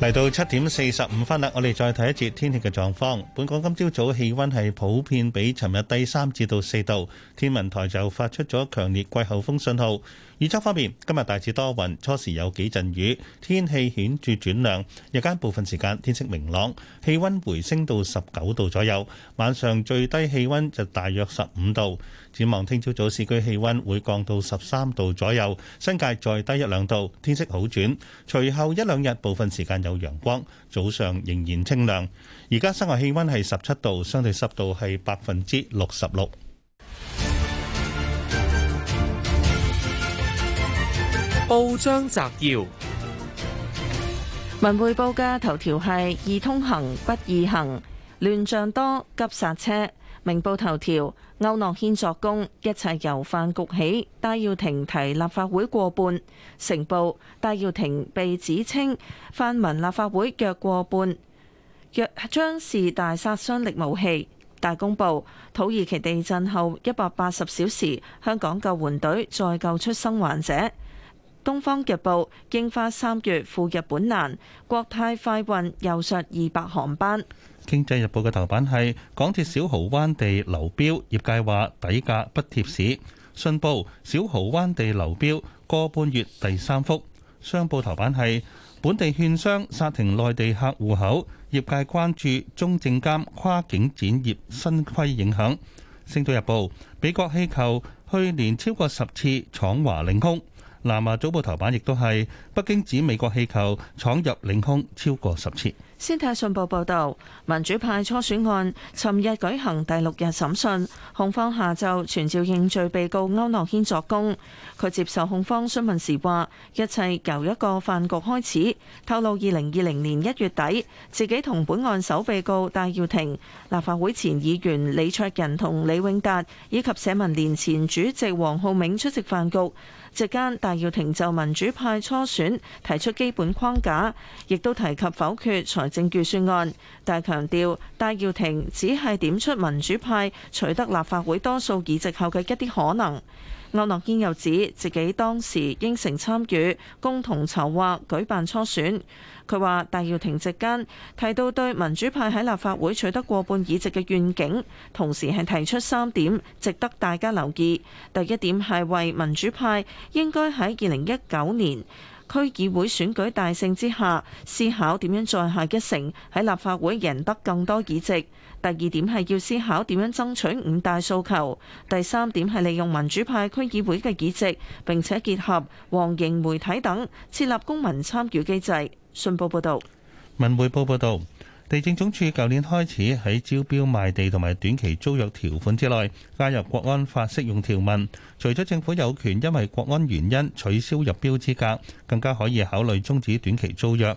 S: 嚟到
D: 七點四十五分啦，我哋再睇一節天氣嘅狀況。本港今朝早，早氣溫係普遍比尋日低三至到四度，天文台就發出咗強烈季候風信號。預測方面，今日大致多雲，初時有幾陣雨，天氣顯著轉涼，日間部分時間天色明朗，氣溫回升到十九度左右。晚上最低氣溫就大約十五度。展望聽朝早市區氣溫會降到十三度左右，新界再低一兩度，天色好轉，隨後一兩日部分時間有陽光，早上仍然清涼，而家室外氣溫係十七度，相對濕度係百分之六十六。.報章摘要：文匯報
C: 嘅頭條係《易通行不易行，亂象多急剎車》。明報頭條：歐諾軒作供，一切由飯局起。戴耀廷提立法會過半。成報，戴耀廷被指稱泛民立法會若過半，若將是大殺傷力武器。大公報：土耳其地震後一百八十小時，香港救援隊再救出生還者。《東方日報》櫻花三月赴日本難，《國泰快運》又削二百航班。
D: 《經濟日報》嘅頭版係港鐵小蠔灣地流標，業界話底價不貼市。《信報》小蠔灣地流標個半月第三幅。商報頭版係本地券商煞停內地客戶口，業界關注中證監跨境展業新規影響。《星島日報》美國氣球去年超過十次闖華領空。南華早報頭版亦都係北京指美國氣球闖入領空超過十次。
C: 先睇《信報》報道，民主派初選案，尋日舉行第六日審訊，控方下晝傳召認罪被告區諾軒作供。佢接受控方詢問時話：一切由一個飯局開始，透露二零二零年一月底自己同本案首被告戴耀廷、立法會前議員李卓人同李永達以及社民連前主席黃浩銘出席飯局。席間，戴耀廷就民主派初選提出基本框架，亦都提及否決財政預算案，但強調戴耀廷只係點出民主派取得立法會多數議席後嘅一啲可能。區諾軒又指自己當時應承參與共同籌劃舉辦初選。佢話，戴耀廷席間提到對民主派喺立法會取得過半議席嘅願景，同時係提出三點值得大家留意。第一點係為民主派應該喺二零一九年區議會選舉大勝之下，思考點樣再下一城喺立法會贏得更多議席。第二點係要思考點樣爭取五大訴求。第三點係利用民主派區議會嘅議席，並且結合黃營媒體等，設立公民參與機制。信報報道：
D: 「文匯報報道，地政總署舊年開始喺招標賣地同埋短期租約條款之內加入國安法適用條文，除咗政府有權因為國安原因取消入標資格，更加可以考慮終止短期租約。」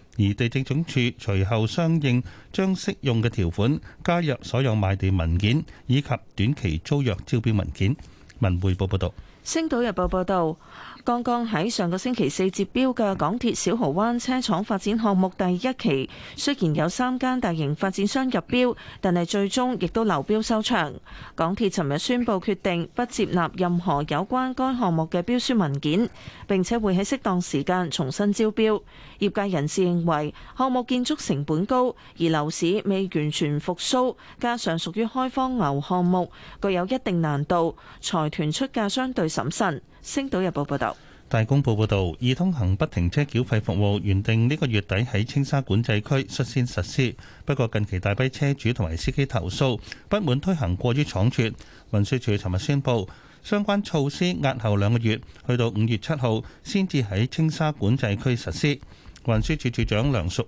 D: 而地政總署隨後相應將適用嘅條款加入所有賣地文件以及短期租約招標文件。文匯報報道。
C: 星島日報報道。剛剛喺上個星期四接標嘅港鐵小蠔灣車廠發展項目第一期，雖然有三間大型發展商入標，但係最終亦都流標收場。港鐵尋日宣布決定不接納任何有關該項目嘅標書文件，並且會喺適當時間重新招標。業界人士認為項目建築成本高，而樓市未完全復甦，加上屬於開荒牛項目，具有一定難度，財團出價相對審慎。星島日報報道，
D: 大公報報道，易通行不停車繳費服務原定呢個月底喺青沙管制區率先實施，不過近期大批車主同埋司機投訴，不滿推行過於倉促。運輸署尋日宣布，相關措施押後兩個月，去到五月七號先至喺青沙管制區實施。運輸署署長梁淑。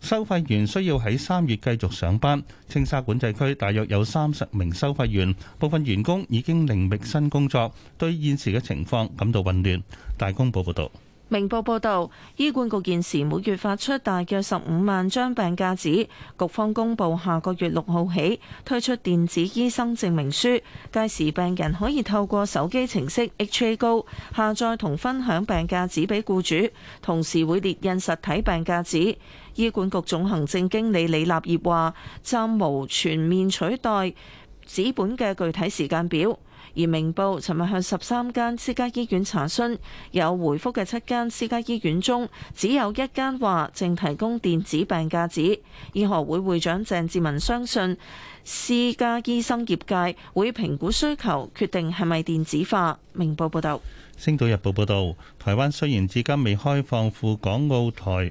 D: 收費員需要喺三月繼續上班。青沙管制區大約有三十名收費員，部分員工已經另覓新工作，對現時嘅情況感到混亂。大公報報道：
C: 「明報報道，醫管局現時每月發出大約十五萬張病假紙。局方公佈下個月六號起推出電子醫生證明書，屆時病人可以透過手機程式 HA Go 下載同分享病假紙俾雇主，同時會列印實體病假紙。醫管局總行政經理李立業話：暫無全面取代紙本嘅具體時間表。而明報尋日向十三間私家醫院查詢，有回覆嘅七間私家醫院中，只有一間話正提供電子病假紙。醫學會會長鄭志文相信，私家醫生業界會評估需求，決定係咪電子化。明報報道。
D: 《星島日報》報道，台灣雖然至今未開放赴港澳台。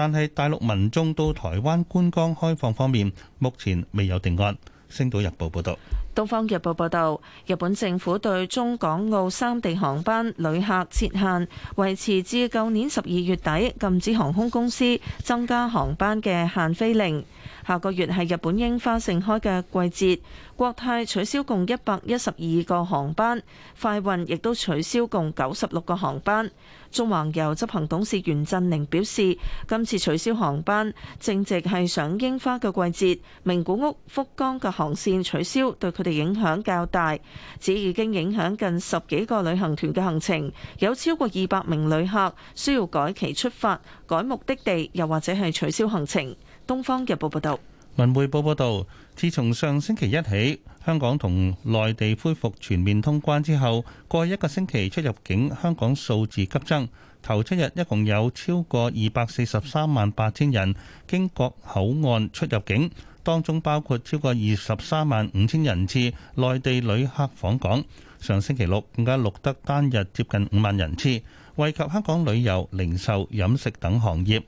D: 但係大陸民眾到台灣觀光開放方面，目前未有定案。星島日報報道，
C: 東方日報報道，日本政府對中港澳三地航班旅客設限，維持至舊年十二月底禁止航空公司增加航班嘅限飛令。下個月係日本櫻花盛開嘅季節，國泰取消共一百一十二個航班，快運亦都取消共九十六個航班。縱橫遊執行董事袁振寧表示，今次取消航班正值係賞櫻花嘅季節，名古屋、福岡嘅航線取消對佢哋影響較大，只已經影響近十幾個旅行團嘅行程，有超過二百名旅客需要改期出發、改目的地，又或者係取消行程。東方日報報道，
D: 文匯報報道，自從上星期一起，香港同內地恢復全面通關之後，過去一個星期出入境香港數字急增，頭七日一共有超過二百四十三萬八千人經各口岸出入境，當中包括超過二十三萬五千人次內地旅客訪港。上星期六更加錄得單日接近五萬人次，惠及香港旅遊、零售、飲食等行業。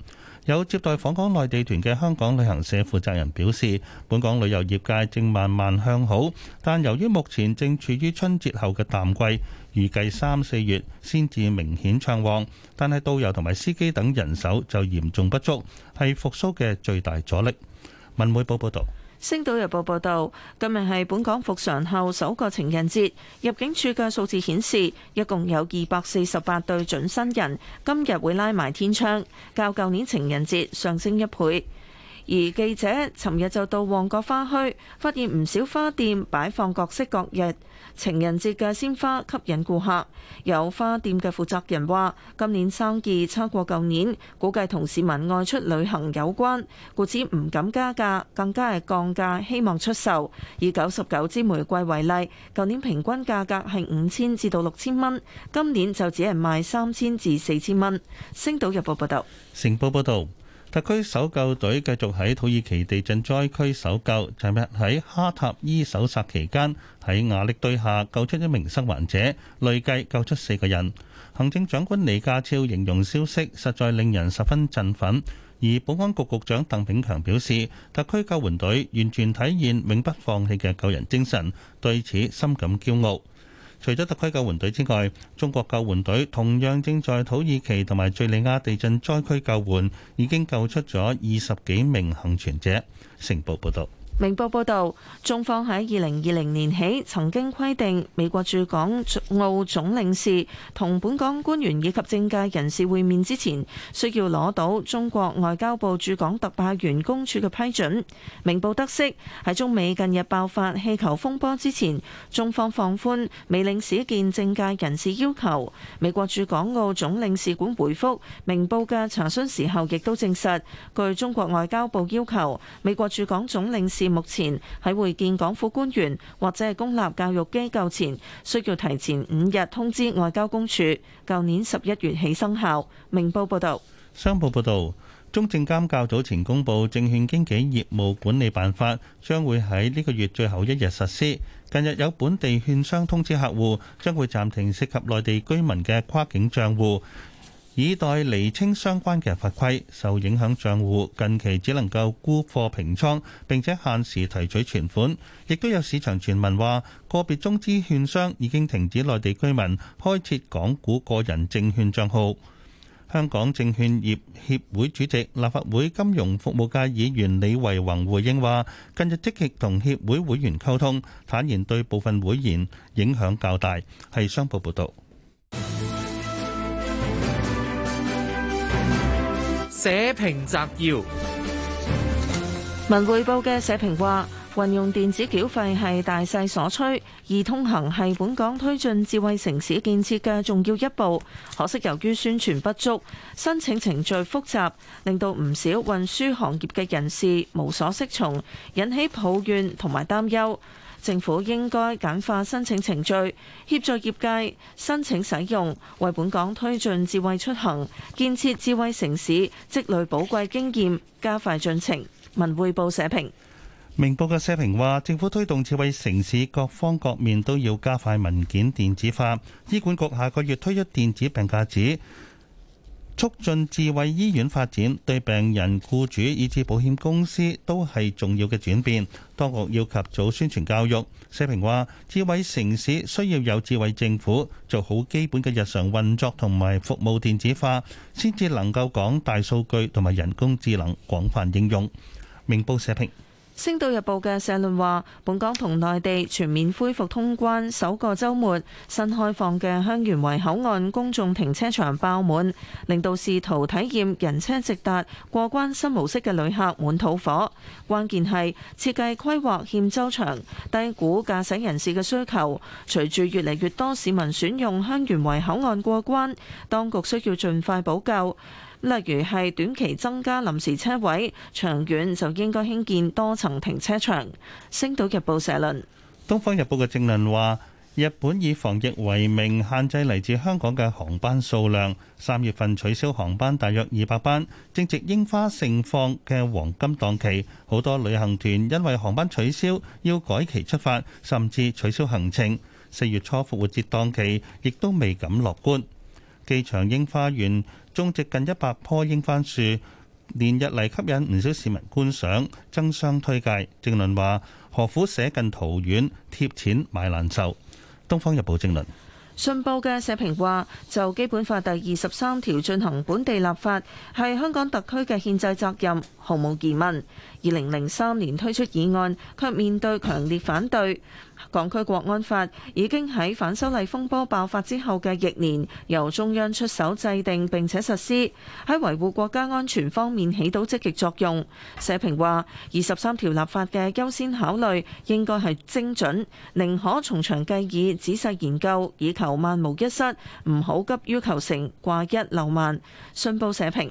D: 有接待訪港內地團嘅香港旅行社負責人表示，本港旅遊業界正慢慢向好，但由於目前正處於春節後嘅淡季預計，預計三四月先至明顯暢旺。但係導遊同埋司機等人手就嚴重不足，係復甦嘅最大阻力。文匯報報導。
C: 星島日報報道，今日係本港復常後首個情人節，入境處嘅數字顯示，一共有二百四十八對準新人今日會拉埋天窗，較舊年情人節上升一倍。而記者尋日就到旺角花墟，發現唔少花店擺放各式各樣，情人節嘅鮮花吸引顧客，有花店嘅負責人話：今年生意差過舊年，估計同市民外出旅行有關。故此唔敢加價，更加係降價希望出售。以九十九支玫瑰為例，舊年平均價格係五千至到六千蚊，今年就只係賣三千至四千蚊。星
D: 島日報報道。城報報道。特區搜救隊繼續喺土耳其地震災區搜救，尋日喺哈塔伊搜索期間，喺瓦礫堆下救出一名生還者，累計救出四個人。行政長官李家超形容消息實在令人十分振奮，而保安局局長鄧炳強表示，特區救援隊完全體現永不放棄嘅救人精神，對此深感驕傲。除咗特區救援隊之外，中國救援隊同樣正在土耳其同埋敘利亞地震災區救援，已經救出咗二十幾名幸存者。成報報道。
C: 明報報導，中方喺二零二零年起曾經規定，美國駐港澳總領事同本港官員以及政界人士會面之前，需要攞到中國外交部駐港特派員公署嘅批准。明報得悉，喺中美近日爆發氣球風波之前，中方放寬美領事見政界人士要求。美國駐港澳總領事館回覆明報嘅查詢時候，亦都證實，據中國外交部要求，美國駐港總領事。目前喺會見港府官員或者係公立教育機構前，需要提前五日通知外交公署，舊年十一月起生效。明報報
D: 道。商報報道，中證監較早前公布證券經紀業務管理辦法，將會喺呢個月最後一日實施。近日有本地券商通知客戶，將會暫停涉及內地居民嘅跨境賬戶。以待釐清相關嘅法規，受影響賬戶近期只能夠沽貨平倉，並且限時提取存款。亦都有市場傳聞話個別中資券商已經停止內地居民開設港股個人證券賬號。香港證券業協會主席、立法會金融服務界議員李維宏回應話，近日積極同協會會員溝通，坦言對部分會員影響較大。係商報報道。社評摘要：文匯報嘅
C: 社評話，運用電子繳費係大勢所趨，易通行係本港推進智慧城市建設嘅重要一步。可惜由於宣傳不足，申請程序複雜，令到唔少運輸行業嘅人士無所適從，引起抱怨同埋擔憂。政府應該簡化申請程序，協助業界申請使用，為本港推進智慧出行、建設智慧城市，積累寶貴經驗，加快進程。文匯報社評。
D: 明報嘅社評話，政府推動智慧城市，各方各面都要加快文件電子化。醫管局下個月推出電子病假紙。促進智慧醫院發展，對病人、僱主以至保險公司都係重要嘅轉變，當局要及早宣傳教育。社評話，智慧城市需要有智慧政府做好基本嘅日常運作同埋服務電子化，先至能夠講大數據同埋人工智能廣泛應用。明報社評。
C: 星島日報嘅社論話：本港同內地全面恢復通關首個周末，新開放嘅香園圍口岸公眾停車場爆滿，令到試圖體驗人車直達過關新模式嘅旅客滿肚火。關鍵係設計規劃欠周詳，低估駕駛人士嘅需求。隨住越嚟越多市民選用香園圍口岸過關，當局需要盡快補救。例如係短期增加臨時車位，長遠就應該興建多層停車場。星島日報社論，
D: 東方日報嘅正論話：日本以防疫為名限制嚟自香港嘅航班數量，三月份取消航班大約二百班，正值櫻花盛放嘅黃金檔期，好多旅行團因為航班取消要改期出發，甚至取消行程。四月初復活節檔期亦都未敢樂觀，機場櫻花園種植近一百棵櫻番樹，連日嚟吸引唔少市民觀賞，爭相推介。正論話：何苦捨近圖遠貼錢買難受？東方日報正論。
C: 信報嘅社評話：就《基本法》第二十三條進行本地立法，係香港特區嘅憲制責任，毫無疑問。二零零三年推出議案，卻面對強烈反對。港區國安法已經喺反修例風波爆發之後嘅翌年，由中央出手制定並且實施，喺維護國家安全方面起到積極作用。社評話：二十三條立法嘅優先考慮應該係精準，寧可從長計議、仔細研究，以求萬無一失，唔好急於求成、掛一漏萬。信報社
D: 評。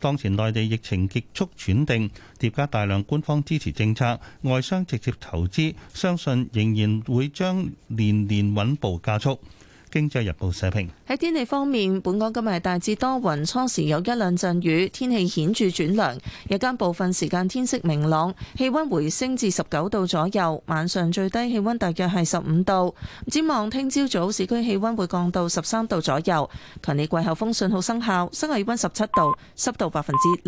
D: 當前內地疫情急速轉定，疊加大量官方支持政策，外商直接投資相信仍然會將年年穩步加速。經濟日報社評：
C: 喺天氣方面，本港今日大致多雲，初時有一兩陣雨，天氣顯著轉涼，日間部分時間天色明朗，氣溫回升至十九度左右，晚上最低氣溫大約係十五度。展望聽朝早，早，市區氣溫會降到十三度左右，強烈季候風信號生效，室外氣溫十七度，濕度百分之。